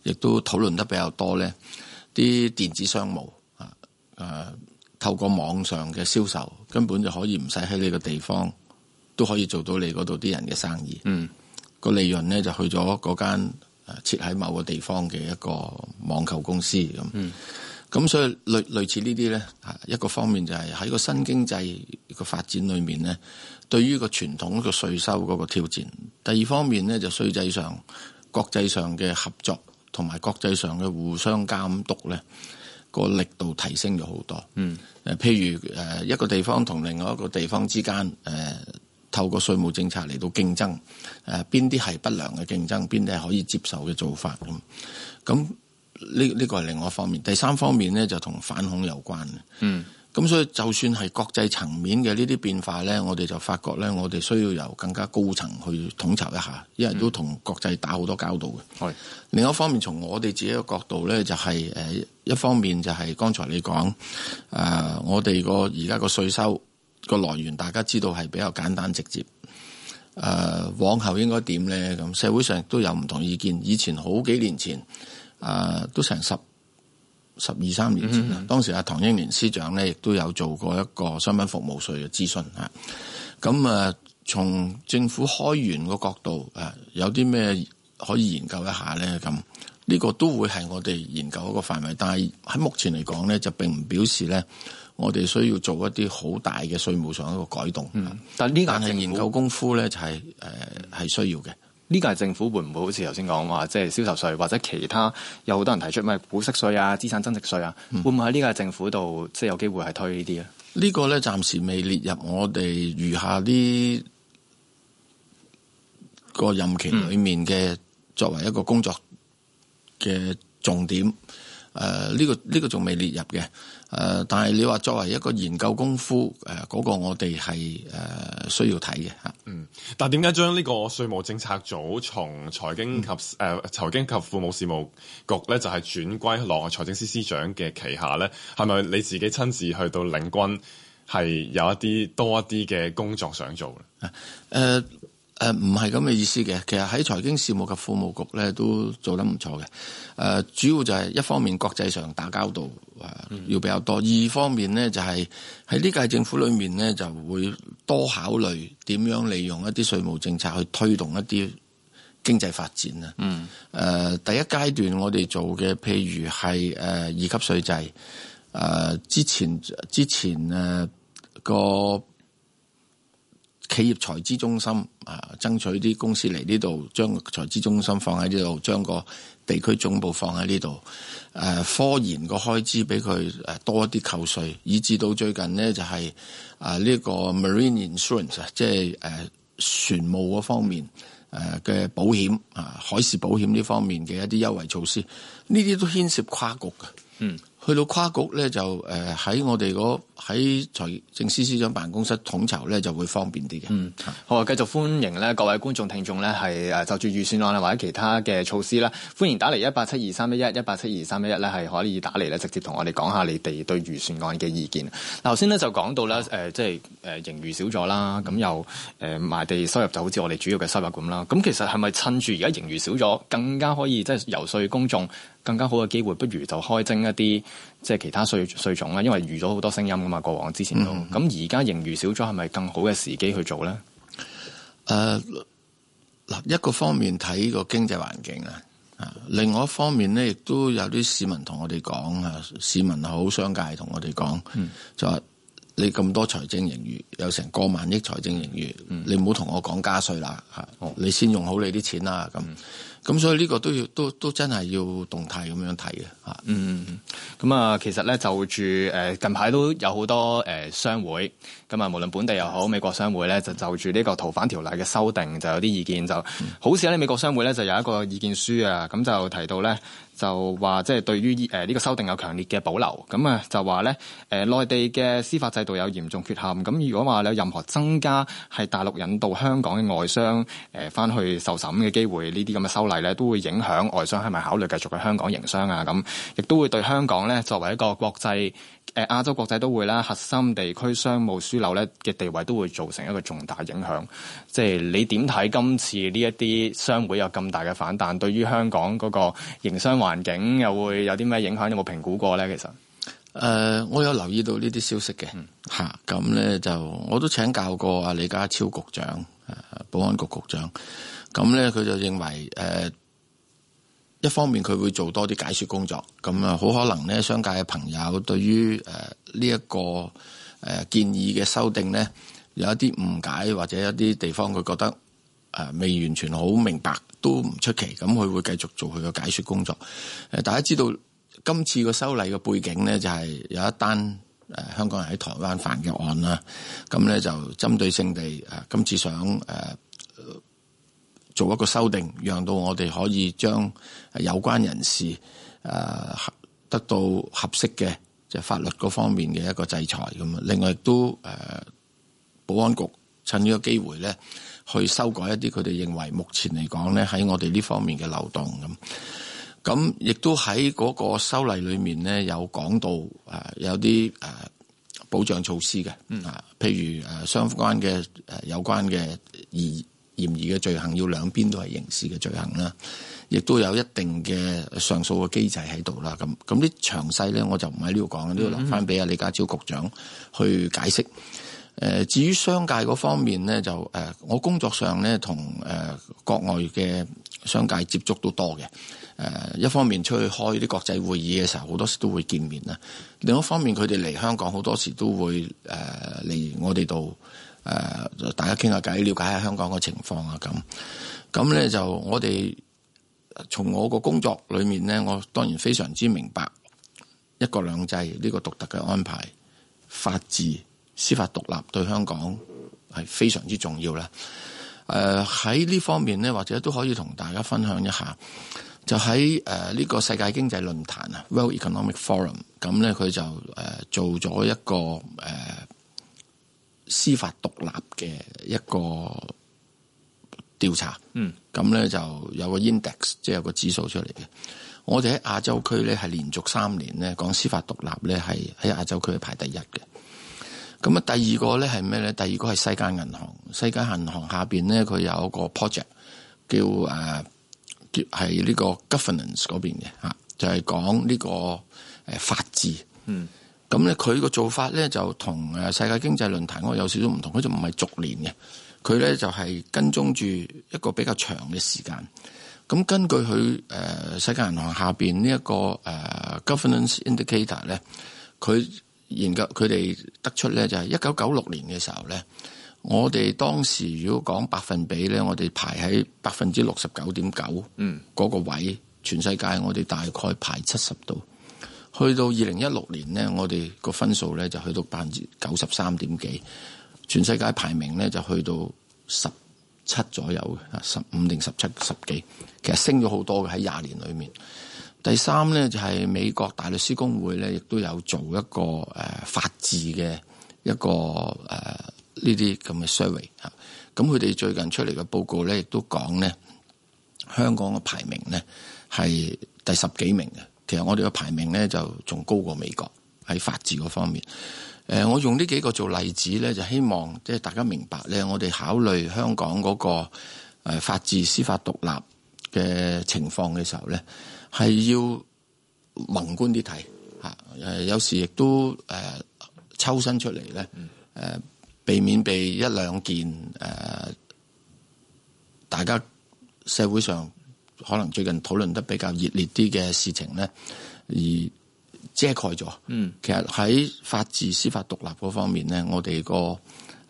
亦都討論得比較多咧，啲電子商務啊，誒，透過網上嘅銷售，根本就可以唔使喺呢個地方，都可以做到你嗰度啲人嘅生意，嗯，個利潤咧就去咗嗰間設喺某個地方嘅一個網購公司咁。咁、嗯、所以類類似呢啲咧，吓一個方面就係喺個新經濟個發展裏面咧，嗯、對於個傳統個稅收嗰個挑戰；第二方面咧就稅制上、國際上嘅合作同埋國際上嘅互相監督咧，個力度提升咗好多。嗯，誒，譬如誒一個地方同另外一個地方之間誒。嗯呃透過稅務政策嚟到競爭，誒，邊啲係不良嘅競爭，邊啲係可以接受嘅做法咁。咁呢？呢個係另外一方面。第三方面咧，就同反恐有關嘅。嗯。咁所以就算係國際層面嘅呢啲變化咧，我哋就發覺咧，我哋需要由更加高層去統籌一下，因為都同國際打好多交道嘅。係、嗯。另外一方面，從我哋自己嘅角度咧，就係誒，一方面就係剛才你講，誒，我哋個而家個稅收。個來源大家知道係比較簡單直接，誒、呃，往後應該點呢？咁社會上都有唔同意見。以前好幾年前，誒、呃，都成十十二三年前當、嗯嗯、當時阿唐英年司長呢，亦都有做過一個商品服務稅嘅諮詢吓。咁、嗯、啊、呃，從政府開源個角度，呃、有啲咩可以研究一下呢？咁、嗯、呢、這個都會係我哋研究一個範圍。但係喺目前嚟講呢，就並唔表示呢。我哋需要做一啲好大嘅稅務上一個改動，嗯、但呢個係研究功夫咧、就是，就係誒係需要嘅。呢個係政府會唔會好似頭先講話，即、就、係、是、銷售稅或者其他有好多人提出，咩股息稅啊、資產增值稅啊，嗯、會唔會喺呢個政府度即係有機會係推呢啲啊？呢個咧暫時未列入我哋餘下啲個任期裏面嘅、嗯、作為一個工作嘅重點。誒，呢、呃這個呢、這個仲未列入嘅，誒、呃，但係你話作為一個研究功夫，誒、呃，嗰、那個我哋係誒需要睇嘅吓。嗯。但點解將呢個稅務政策組從財經及誒、嗯呃、財經及庫務事務局咧，就係、是、轉歸落財政司司長嘅旗下咧？係咪你自己親自去到領軍，係有一啲多一啲嘅工作想做咧？誒、呃。誒，唔係咁嘅意思嘅。其實喺財經事務及庫務局咧，都做得唔錯嘅。誒、呃，主要就係一方面國際上打交道，呃、要比較多。二方面咧就係喺呢屆政府裏面咧，就會多考慮點樣利用一啲稅務政策去推動一啲經濟發展啊。嗯。誒、呃，第一階段我哋做嘅，譬如係誒、呃、二級稅制。誒、呃，之前之前誒、呃、個。企業財資中心啊，爭取啲公司嚟呢度，將財資中心放喺呢度，將個地區總部放喺呢度，誒科研個開支俾佢誒多一啲扣稅，以至到最近咧就係啊呢個 marine insurance 啊，即係誒船務嗰方面誒嘅保險啊，海事保險呢方面嘅一啲優惠措施，呢啲都牽涉跨局嘅，嗯。去到跨局咧，就誒喺我哋嗰喺財政司司長辦公室統籌咧，就會方便啲嘅。嗯，好啊，繼續歡迎咧各位觀眾、聽眾咧，係誒就住預算案啊，或者其他嘅措施啦，歡迎打嚟一八七二三一一一八七二三一一咧，係可以打嚟咧，直接同我哋講下你哋對預算案嘅意見。嗱，頭先咧就講到咧，誒即係誒盈餘少咗啦，咁又誒賣地收入就好似我哋主要嘅收入咁啦。咁其實係咪趁住而家盈餘少咗，更加可以即係遊說公眾？更加好嘅機會，不如就開徵一啲即係其他稅稅種啦，因為預咗好多聲音噶嘛，過往之前咁而家盈餘少咗，係咪更好嘅時機去做咧？誒嗱、呃，一個方面睇個經濟環境啊，另外一方面咧，亦都有啲市民同我哋講啊，市民好，商界同我哋講，嗯、就話你咁多財政盈餘，有成過萬億財政盈餘，嗯、你唔好同我講加稅啦，嚇、哦，你先用好你啲錢啦咁。嗯咁所以呢個都要都都真係要動態咁樣睇嘅嚇，嗯，咁啊、嗯，其實咧就住近排都有好多商會，咁啊無論本地又好美國商會咧，就就住呢個逃犯條例嘅修訂就有啲意見，就、嗯、好似喺美國商會咧就有一個意見書啊，咁就提到咧。就話即係對於呢、呃呢個修訂有強烈嘅保留，咁啊就話咧、呃、內地嘅司法制度有嚴重缺陷，咁如果話你有任何增加係大陸引導香港嘅外商返翻、呃、去受審嘅機會，呢啲咁嘅修例咧都會影響外商係咪考慮繼續去香港營商啊？咁亦都會對香港咧作為一個國際。誒亞洲國際都會啦，核心地區商務樞紐咧嘅地位都會造成一個重大影響。即、就、係、是、你點睇今次呢一啲商會有咁大嘅反彈，對於香港嗰個營商環境又會有啲咩影響？你有冇評估過咧？其實、呃，誒我有留意到呢啲消息嘅嚇，咁咧、嗯啊、就我都請教過阿李家超局長，保安局局長，咁咧佢就認為誒。呃一方面佢會做多啲解說工作，咁啊好可能咧，商界嘅朋友對於誒呢一個誒建議嘅修訂咧，有一啲誤解或者一啲地方佢覺得誒未完全好明白，都唔出奇。咁佢會繼續做佢嘅解說工作。誒，大家知道今次個修例嘅背景咧，就係有一單誒香港人喺台灣犯嘅案啦。咁咧就針對性地誒今次想誒。做一個修訂，讓到我哋可以將有關人士得到合適嘅即係法律嗰方面嘅一個制裁咁啊。另外亦都保安局趁呢個機會咧，去修改一啲佢哋認為目前嚟講咧喺我哋呢方面嘅漏洞咁。咁亦都喺嗰個修例裏面咧，有講到有啲保障措施嘅，啊，譬如相關嘅有關嘅意。嫌疑嘅罪行要兩邊都係刑事嘅罪行啦，亦都有一定嘅上訴嘅機制喺度啦。咁咁啲詳細咧，我就唔喺呢度講，呢度留翻俾阿李家超局長去解釋。誒、呃，至於商界嗰方面咧，就誒、呃、我工作上咧同誒國外嘅商界接觸都多嘅。誒、呃、一方面出去開啲國際會議嘅時候，好多時都會見面啦。另一方面，佢哋嚟香港好多時都會誒嚟、呃、我哋度。誒、呃，大家傾下偈，了解下香港嘅情況啊！咁，咁咧就我哋從我個工作裏面咧，我當然非常之明白一國兩制呢個獨特嘅安排，法治、司法獨立對香港係非常之重要啦。誒喺呢方面咧，或者都可以同大家分享一下，就喺誒呢個世界經濟論壇啊 （World Economic Forum），咁咧佢就、呃、做咗一個、呃司法獨立嘅一個調查，嗯，咁咧就有個 index，即係有個指數出嚟嘅。我哋喺亞洲區咧係連續三年咧講司法獨立咧係喺亞洲區排第一嘅。咁啊，第二個咧係咩咧？第二個係世界銀行，世界銀行下邊咧佢有一個 project 叫誒叫係呢個 governance 嗰邊嘅嚇，就係講呢個誒法治，嗯。咁咧，佢個做法咧就同誒世界經濟論壇我有少少唔同，佢就唔係逐年嘅，佢咧就係跟蹤住一個比較長嘅時間。咁根據佢誒世界銀行下面呢一個誒 Governance Indicator 咧，佢研究佢哋得出咧就係一九九六年嘅時候咧，我哋當時如果講百分比咧，我哋排喺百分之六十九點九，嗰個、嗯，嗰個位全世界我哋大概排七十度。去到二零一六年咧，我哋個分數咧就去到百分之九十三點幾，全世界排名咧就去到十七左右，啊十五定十七十幾，其實升咗好多嘅喺廿年裏面。第三咧就係、是、美國大律師公會咧，亦都有做一個誒、呃、法治嘅一個誒呢啲咁嘅 survey 吓，咁佢哋最近出嚟嘅報告咧亦都講咧，香港嘅排名咧係第十幾名嘅。其實我哋嘅排名咧就仲高過美國喺法治嗰方面。呃、我用呢幾個做例子咧，就希望即係大家明白咧，我哋考慮香港嗰個法治司法獨立嘅情況嘅時候咧，係要宏觀啲睇嚇。有時亦都誒、呃、抽身出嚟咧，誒、呃、避免被一兩件誒、呃、大家社會上。可能最近討論得比較熱烈啲嘅事情咧，而遮蓋咗。嗯，其實喺法治司法獨立嗰方面咧，我哋個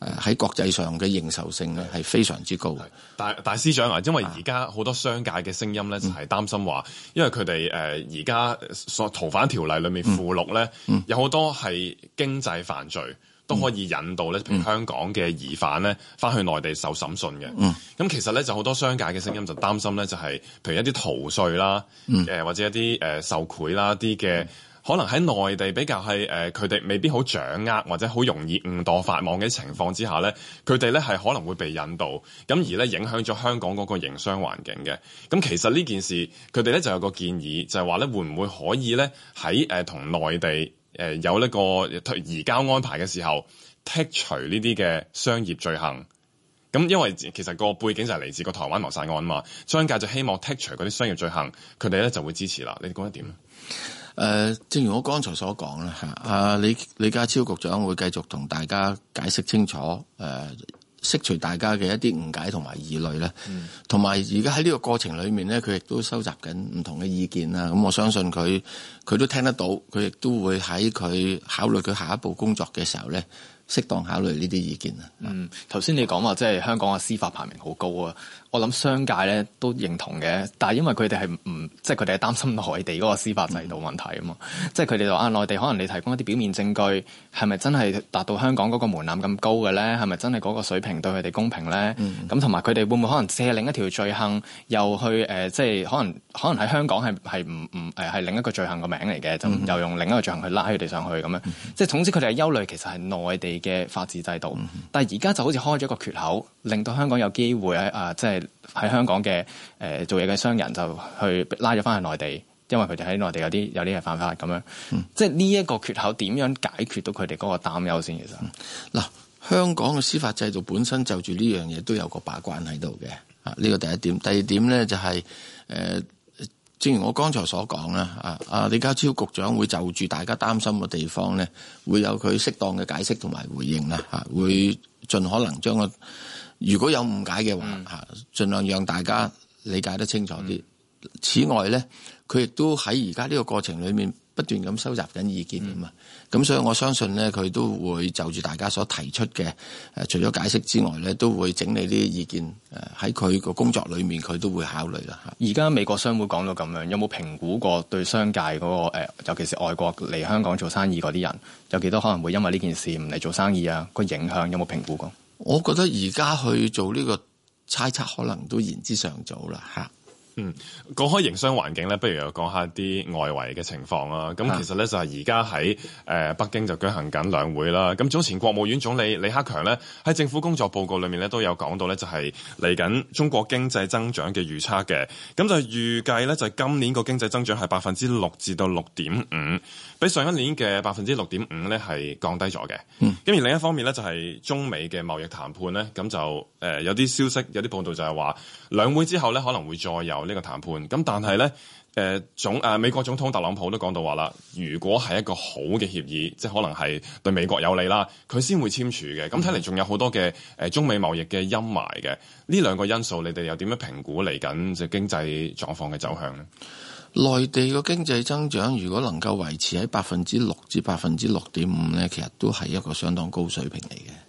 喺國際上嘅認受性咧係非常之高。但但司長啊，因為而家好多商界嘅聲音咧，就係擔心話，嗯、因為佢哋而家所逃犯條例裏面附錄咧，嗯嗯、有好多係經濟犯罪。都可以引導咧，譬如香港嘅疑犯咧，翻、嗯、去內地受審訊嘅。咁、嗯、其實咧就好多商界嘅聲音就擔心咧、就係，就係譬如一啲逃稅啦，嗯、或者一啲、呃、受賄啦，一啲嘅可能喺內地比較係誒，佢、呃、哋未必好掌握，或者好容易誤墮法網嘅情況之下咧，佢哋咧係可能會被引導，咁而咧影響咗香港嗰個營商環境嘅。咁其實呢件事，佢哋咧就有個建議，就係話咧會唔會可以咧喺同內地？誒有呢個移交安排嘅時候，剔除呢啲嘅商業罪行，咁因為其實個背景就係嚟自個台灣謀殺案嘛，商界就希望剔除嗰啲商業罪行，佢哋咧就會支持啦。你哋覺得點？誒、呃，正如我剛才所講啦，啊、呃，李李家超局長會繼續同大家解釋清楚誒。呃釋除大家嘅一啲誤解同埋疑慮咧，嗯，同埋而家喺呢個過程裏面咧，佢亦都收集緊唔同嘅意見啦。咁我相信佢佢都聽得到，佢亦都會喺佢考慮佢下一步工作嘅時候咧，適當考慮呢啲意見啊。嗯，頭先你講話即係香港嘅司法排名好高啊。我諗商界咧都認同嘅，但係因為佢哋係唔即係佢哋係擔心內地嗰個司法制度問題啊嘛，即係佢哋就話內地可能你提供一啲表面證據，係咪真係達到香港嗰個門檻咁高嘅咧？係咪真係嗰個水平對佢哋公平咧？咁同埋佢哋會唔會可能借另一條罪行，又去誒、即、呃、係、就是、可能可能喺香港係係唔唔誒係另一個罪行嘅名嚟嘅，嗯、就又用另一個罪行去拉佢哋上去咁樣？即係、嗯、總之佢哋係憂慮其實係內地嘅法治制度，嗯、但係而家就好似開咗一個缺口，令到香港有機會即係。呃就是喺香港嘅誒、呃、做嘢嘅商人就去拉咗翻去內地，因為佢哋喺內地有啲有啲嘢犯法咁樣，嗯、即係呢一個缺口點樣解決到佢哋嗰個擔憂先？其實嗱，香港嘅司法制度本身就住呢樣嘢都有個把關喺度嘅啊，呢個第一點。第二點咧就係、是、誒、呃，正如我剛才所講啦，啊啊李家超局長會就住大家擔心嘅地方咧，會有佢適當嘅解釋同埋回應啦，吓、啊、會盡可能將個。如果有誤解嘅話，嗯、盡量讓大家理解得清楚啲。嗯、此外咧，佢亦都喺而家呢個過程裏面不斷咁收集緊意見啊嘛。咁、嗯、所以我相信咧，佢都會就住大家所提出嘅除咗解釋之外咧，嗯、都會整理啲意見喺佢個工作裏面，佢都會考慮啦。嚇！而家美國商會講到咁樣，有冇評估過對商界嗰、個、呃、尤其是外國嚟香港做生意嗰啲人，有幾多可能會因為呢件事唔嚟做生意啊？個影響有冇評估過？我覺得而家去做呢個猜測可能都言之尚早啦，嚇。嗯，講開營商環境咧，不如又講下啲外圍嘅情況啦。咁其實咧、啊、就係而家喺誒北京就舉行緊兩會啦。咁早前國務院總理李克強咧喺政府工作報告裏面咧都有講到咧，就係嚟緊中國經濟增長嘅預測嘅。咁就預計咧就係、是、今年個經濟增長係百分之六至到六點五，比上一年嘅百分之六點五咧係降低咗嘅。嗯，咁而另一方面咧就係、是、中美嘅貿易談判咧，咁就誒、呃、有啲消息有啲報道就係話兩會之後咧可能會再有。呢個談判咁，但係咧，誒、呃、總誒、呃、美國總統特朗普都講到話啦，如果係一個好嘅協議，即係可能係對美國有利啦，佢先會簽署嘅。咁睇嚟仲有好多嘅誒、呃、中美貿易嘅陰霾嘅呢兩個因素，你哋又點樣評估嚟緊即經濟狀況嘅走向呢？內地個經濟增長如果能夠維持喺百分之六至百分之六點五咧，其實都係一個相當高水平嚟嘅。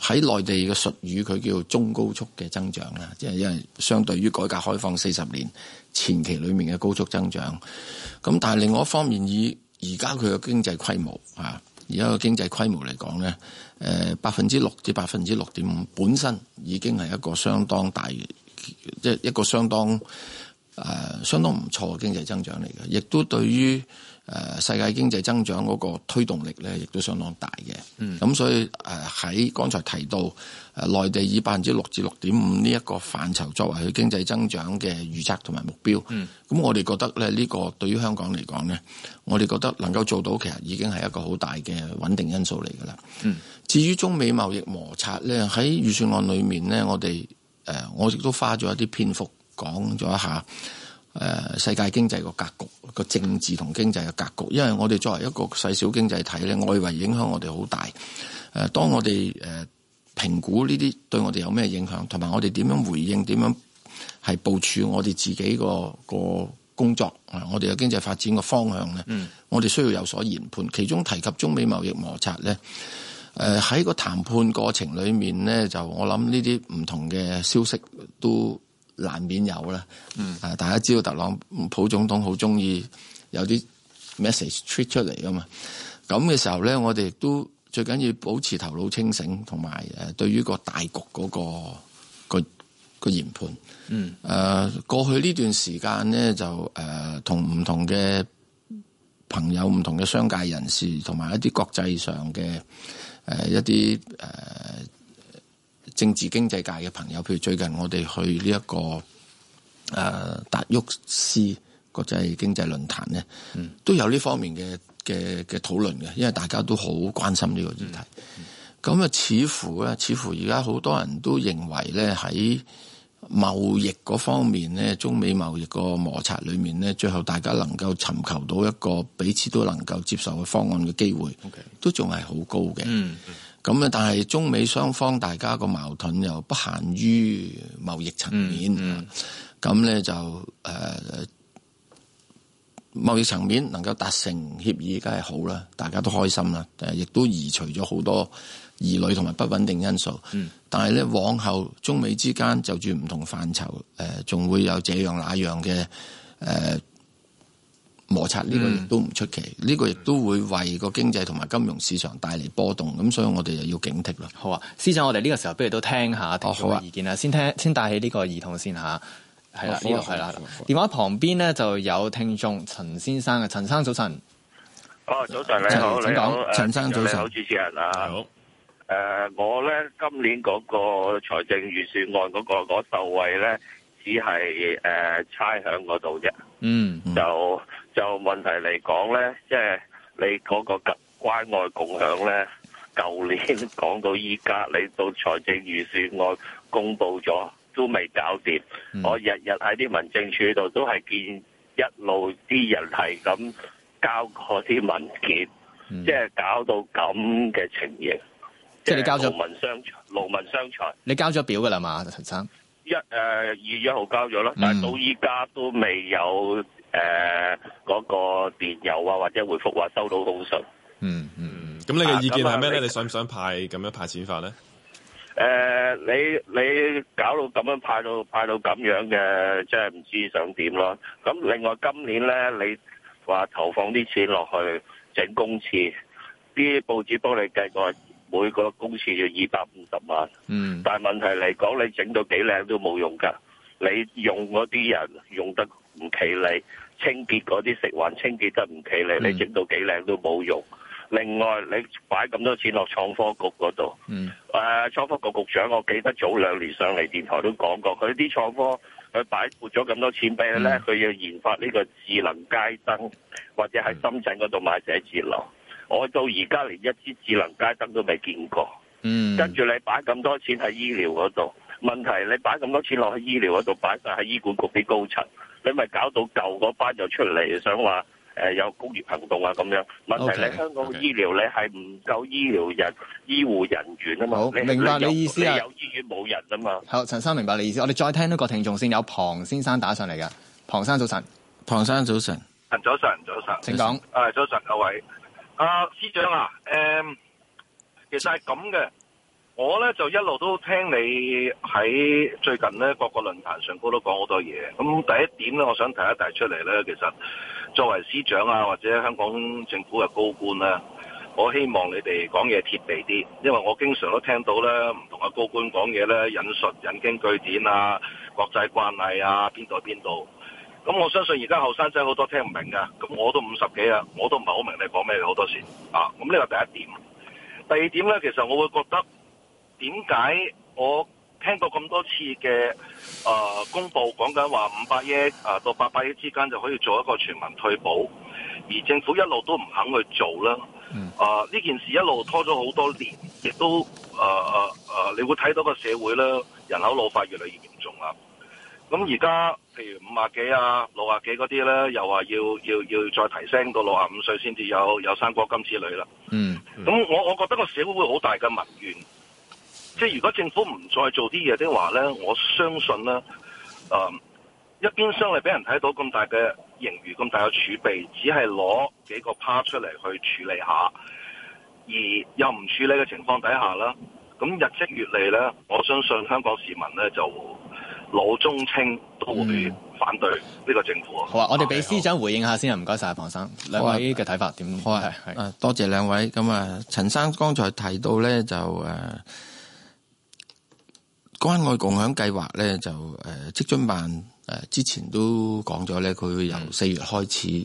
喺內地嘅術語，佢叫中高速嘅增長啦，即係因為相對於改革開放四十年前期裏面嘅高速增長，咁但係另外一方面，以而家佢嘅經濟規模啊，而家嘅經濟規模嚟講咧，誒百分之六至百分之六點五，本身已經係一個相當大嘅，即係一個相當誒、呃、相當唔錯嘅經濟增長嚟嘅，亦都對於，誒世界經濟增長嗰個推動力咧，亦都相當大嘅。嗯，咁所以誒喺剛才提到誒內地以百分之六至六點五呢一個範疇作為佢經濟增長嘅預測同埋目標，嗯，咁我哋覺得咧呢個對於香港嚟講咧，我哋覺得能夠做到其實已經係一個好大嘅穩定因素嚟㗎啦。嗯，至於中美貿易摩擦咧，喺預算案裏面咧，我哋誒，我亦都花咗一啲篇幅講咗一下。誒世界經濟個格局、個政治同經濟嘅格局，因為我哋作為一個細小經濟體咧，外圍影響我哋好大。誒，當我哋誒評估呢啲對我哋有咩影響，同埋我哋點樣回應點樣，係部署我哋自己個個工作啊，我哋嘅經濟發展嘅方向咧，我哋需要有所研判。其中提及中美貿易摩擦咧，誒喺個談判過程裏面咧，就我諗呢啲唔同嘅消息都。難免有啦，啊、嗯！大家知道特朗普總統好中意有啲 message tweet 出嚟噶嘛？咁嘅時候咧，我哋亦都最緊要保持頭腦清醒，同埋誒對於個大局嗰、嗰個、嗰個嗰個研判。嗯，誒過去呢段時間咧，就、呃、誒同唔同嘅朋友、唔同嘅商界人士，同埋一啲國際上嘅誒、呃、一啲誒。呃政治經濟界嘅朋友，譬如最近我哋去呢、這、一個誒達沃斯國際經濟論壇咧，嗯、都有呢方面嘅嘅嘅討論嘅，因為大家都好關心呢個問題。咁啊、嗯嗯，似乎咧，似乎而家好多人都認為咧，喺貿易嗰方面咧，中美貿易個摩擦裏面咧，最後大家能夠尋求到一個彼此都能夠接受嘅方案嘅機會，嗯、都仲係好高嘅。嗯嗯咁但係中美雙方大家個矛盾又不限於貿易層面，咁咧、嗯嗯、就誒貿、呃、易層面能夠達成協議，梗係好啦，大家都開心啦，誒亦都移除咗好多疑慮同埋不穩定因素。嗯、但係咧往後中美之間就住唔同範疇，誒、呃、仲會有這樣那樣嘅誒。呃摩擦呢個亦都唔出奇，呢個亦都會為個經濟同埋金融市場帶嚟波動，咁所以我哋又要警惕咯。好啊，司長，我哋呢個時候不如都聽下聽下意見啊。先聽先帶起呢個議題先嚇。係啦，呢度係啦。電話旁邊咧就有聽眾陳先生嘅，陳生早晨。哦，早晨你好，你好，陳生早晨，好主持人啊。好。誒，我咧今年嗰個財政預算案嗰個受惠咧，只係誒猜喺嗰度啫。嗯。就。就問題嚟講咧，即、就、係、是、你嗰個關愛共享咧，舊年講到依家，你到財政預算案公布咗都未搞掂，嗯、我日日喺啲民政處度都係見一路啲人係咁交嗰啲文件，即係、嗯、搞到咁嘅情形。即係你交咗勞民傷財，勞民傷財。你交咗表噶啦嘛，陳生？一誒二月一號交咗啦，但係到依家都未有。嗯誒嗰、呃那個電郵啊，或者回覆話收到公信。嗯嗯嗯。咁、嗯、你嘅意見係咩咧？啊、你，你想唔想派咁樣派錢法咧？誒、呃，你你搞到咁樣派到派到咁樣嘅，即係唔知想點咯。咁另外今年咧，你話投放啲錢落去整公廁，啲報紙幫你計過每個公廁要二百五十萬。嗯。但問題嚟講，你整到幾靚都冇用㗎。你用嗰啲人用得唔企理。清潔嗰啲食環清潔得唔企理，嗯、你整到幾靚都冇用。另外，你擺咁多錢落創科局嗰度，誒、嗯，創、啊、科局局長我記得早兩年上嚟電台都講過，佢啲創科佢擺撥咗咁多錢俾佢咧，佢、嗯、要研發呢個智能街燈，或者喺深圳嗰度買寫字樓。我到而家連一支智能街燈都未見過。嗯，跟住你擺咁多錢喺醫療嗰度，問題你擺咁多錢落去醫療嗰度，擺晒喺醫管局啲高層，你咪搞到舊嗰班又出嚟，想話、呃、有工業行動啊咁樣。問題咧，okay，香港嘅醫療咧係唔夠醫療人、醫護人員啊嘛。好，明白你意思啊。有醫院冇人啊嘛。好，陳生明白你意思。我哋再聽一個聽眾先，有龐先生打上嚟嘅。龐生早晨。龐生早晨。陳早晨早晨。早晨請講說。誒早晨，各位誒、啊、司長啊，誒、嗯、其實係咁嘅。我咧就一路都聽你喺最近咧各個論壇上高都講好多嘢。咁第一點咧，我想提一提出嚟咧，其實作為司長啊或者香港政府嘅高官啦、啊，我希望你哋講嘢貼地啲，因為我經常都聽到咧唔同嘅高官講嘢咧引述引經據典啊、國際慣例啊、邊度邊度。咁我相信而家後生仔好多聽唔明噶咁我都五十幾啊，我都唔係好明你講咩好多時啊。咁呢個第一點，第二點咧，其實我會覺得。點解我聽到咁多次嘅，誒、呃、公布說說，講緊話五百億啊到八百億之間就可以做一個全民退保，而政府一路都唔肯去做啦。啊、呃，呢件事一路拖咗好多年，亦都誒誒誒，你會睇到個社會咧人口老化越嚟越嚴重啦。咁而家譬如五啊幾啊六啊幾嗰啲咧，又話要要要再提升到六啊五歲先至有有生果金之類啦、嗯。嗯。咁我我覺得個社會會好大嘅民怨。即係如果政府唔再做啲嘢的話咧，我相信咧，誒、嗯，一邊廂係俾人睇到咁大嘅盈餘、咁大嘅儲備，只係攞幾個 part 出嚟去處理下，而又唔處理嘅情況底下啦，咁日積月累咧，我相信香港市民咧就老中青都會反對呢個政府啊。嗯、好啊，我哋俾司長回應下謝謝先啊，唔該晒，彭生，兩位嘅睇法點？好啊，多謝兩位。咁啊，陳生剛才提到咧就誒。關愛共享計劃咧，就誒，職津辦誒之前都講咗咧，佢由四月開始誒，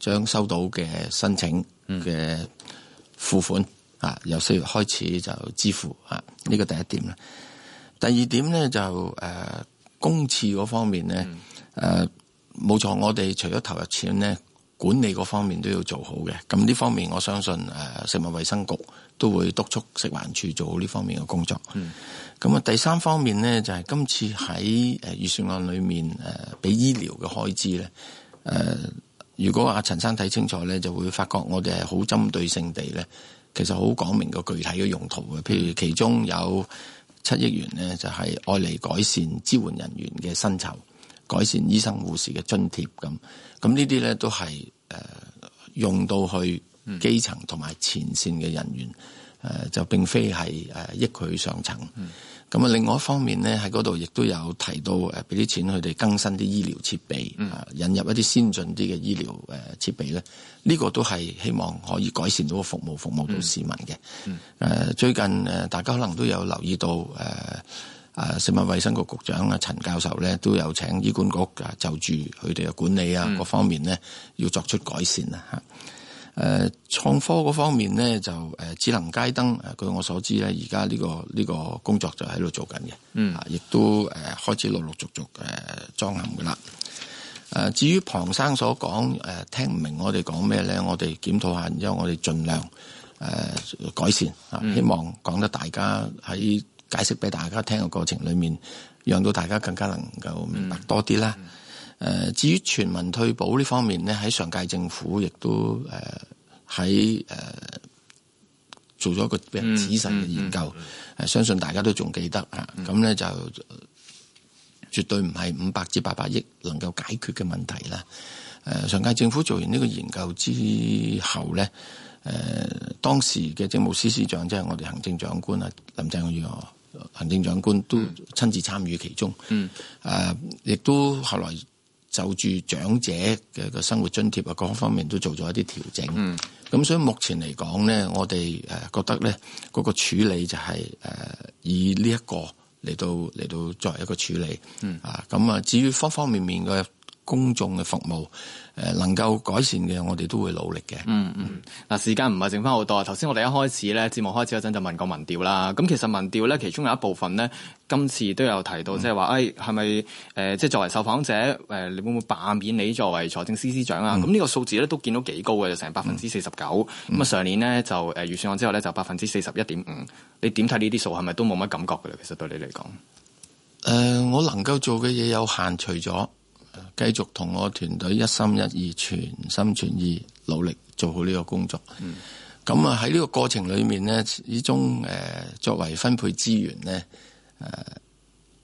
將收到嘅申請嘅付款啊，嗯、由四月開始就支付啊。呢、這個第一點、嗯、第二點咧就誒公廁嗰方面咧誒，冇錯、嗯，我哋除咗投入錢咧，管理嗰方面都要做好嘅。咁呢方面，我相信誒，食物衛生局都會督促食環署做好呢方面嘅工作。嗯咁啊，第三方面咧，就係、是、今次喺預算案裏面誒，俾醫療嘅開支咧，誒、呃，如果阿陳生睇清楚咧，就會發覺我哋係好針對性地咧，其實好講明個具體嘅用途嘅。譬如其中有七億元咧，就係愛嚟改善支援人員嘅薪酬，改善醫生護士嘅津貼咁。咁呢啲咧都係、呃、用到去基層同埋前線嘅人員。嗯誒、呃、就並非係誒益佢上層，咁啊、嗯、另外一方面咧，喺嗰度亦都有提到誒俾啲錢佢哋更新啲醫療設備，嗯呃、引入一啲先進啲嘅醫療、呃、設備咧，呢、呢個都係希望可以改善到服務，服務到市民嘅。誒、嗯嗯呃、最近誒大家可能都有留意到誒、呃、啊食物衛生局局長啊陳教授咧都有請醫管局就住佢哋嘅管理啊、嗯、各方面咧要作出改善啦嚇。誒創科嗰方面咧，就誒智能街燈，據我所知咧，而家呢個呢個工作就喺度做緊嘅，啊，亦都誒開始陸陸續續誒裝嵌嘅啦。誒，至於龐生所講誒聽唔明我哋講咩咧，我哋檢討下，然之後我哋盡量誒改善啊，希望講得大家喺解釋俾大家聽嘅過程裏面，讓到大家更加能夠明白多啲啦。誒，至於全民退保呢方面咧，喺上屆政府亦都誒喺誒做咗一個比較仔細嘅研究，誒、嗯嗯、相信大家都仲記得啊。咁咧、嗯、就絕對唔係五百至八百億能夠解決嘅問題啦。誒，上屆政府做完呢個研究之後咧，誒當時嘅政務司司長即係、就是、我哋行政長官啊，林鄭月娥行政長官都親自參與其中。嗯。誒、嗯，亦都後來。就住長者嘅個生活津貼啊，各方面都做咗一啲調整。咁、嗯、所以目前嚟講咧，我哋誒覺得咧，嗰個處理就係誒以呢一個嚟到嚟到作為一個處理。啊、嗯，咁啊，至於方方面面嘅。公眾嘅服務誒，能夠改善嘅，我哋都會努力嘅、嗯。嗯嗯，嗱，時間唔係剩翻好多。頭先我哋一開始咧，節目開始嗰陣就問過民調啦。咁其實民調咧，其中有一部分咧，今次都有提到，即係話，誒係咪誒，即係作為受訪者誒，你會唔會罷免你作為財政司司長啊？咁呢、嗯、個數字咧都見到幾高嘅，嗯、就成百分之四十九。咁、呃、啊，上年咧就誒預算案之後咧就百分之四十一點五。你點睇呢啲數係咪都冇乜感覺噶咧？其實對你嚟講，誒、呃，我能夠做嘅嘢有限，除咗。繼續同我團隊一心一意、全心全意努力做好呢個工作。咁啊喺呢個過程裏面呢，始終誒作為分配資源呢，誒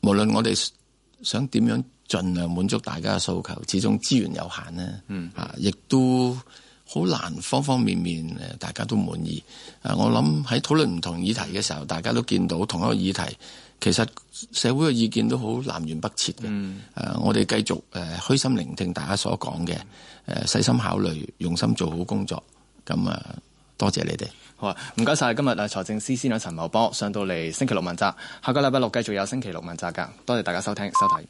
無論我哋想點樣盡量滿足大家嘅訴求，始終資源有限呢，嚇亦、嗯、都好難方方面面誒大家都滿意。啊，我諗喺討論唔同議題嘅時候，大家都見到同一個議題。其實社會嘅意見都好南轅北轍嘅，誒、嗯呃，我哋繼續誒虛、呃、心聆聽大家所講嘅，誒、呃、細心考慮，用心做好工作，咁啊，多謝你哋。好啊，唔該晒。今日啊財政司司長陳茂波上到嚟星期六問責，下個禮拜六繼續有星期六問責㗎，多謝大家收聽收睇。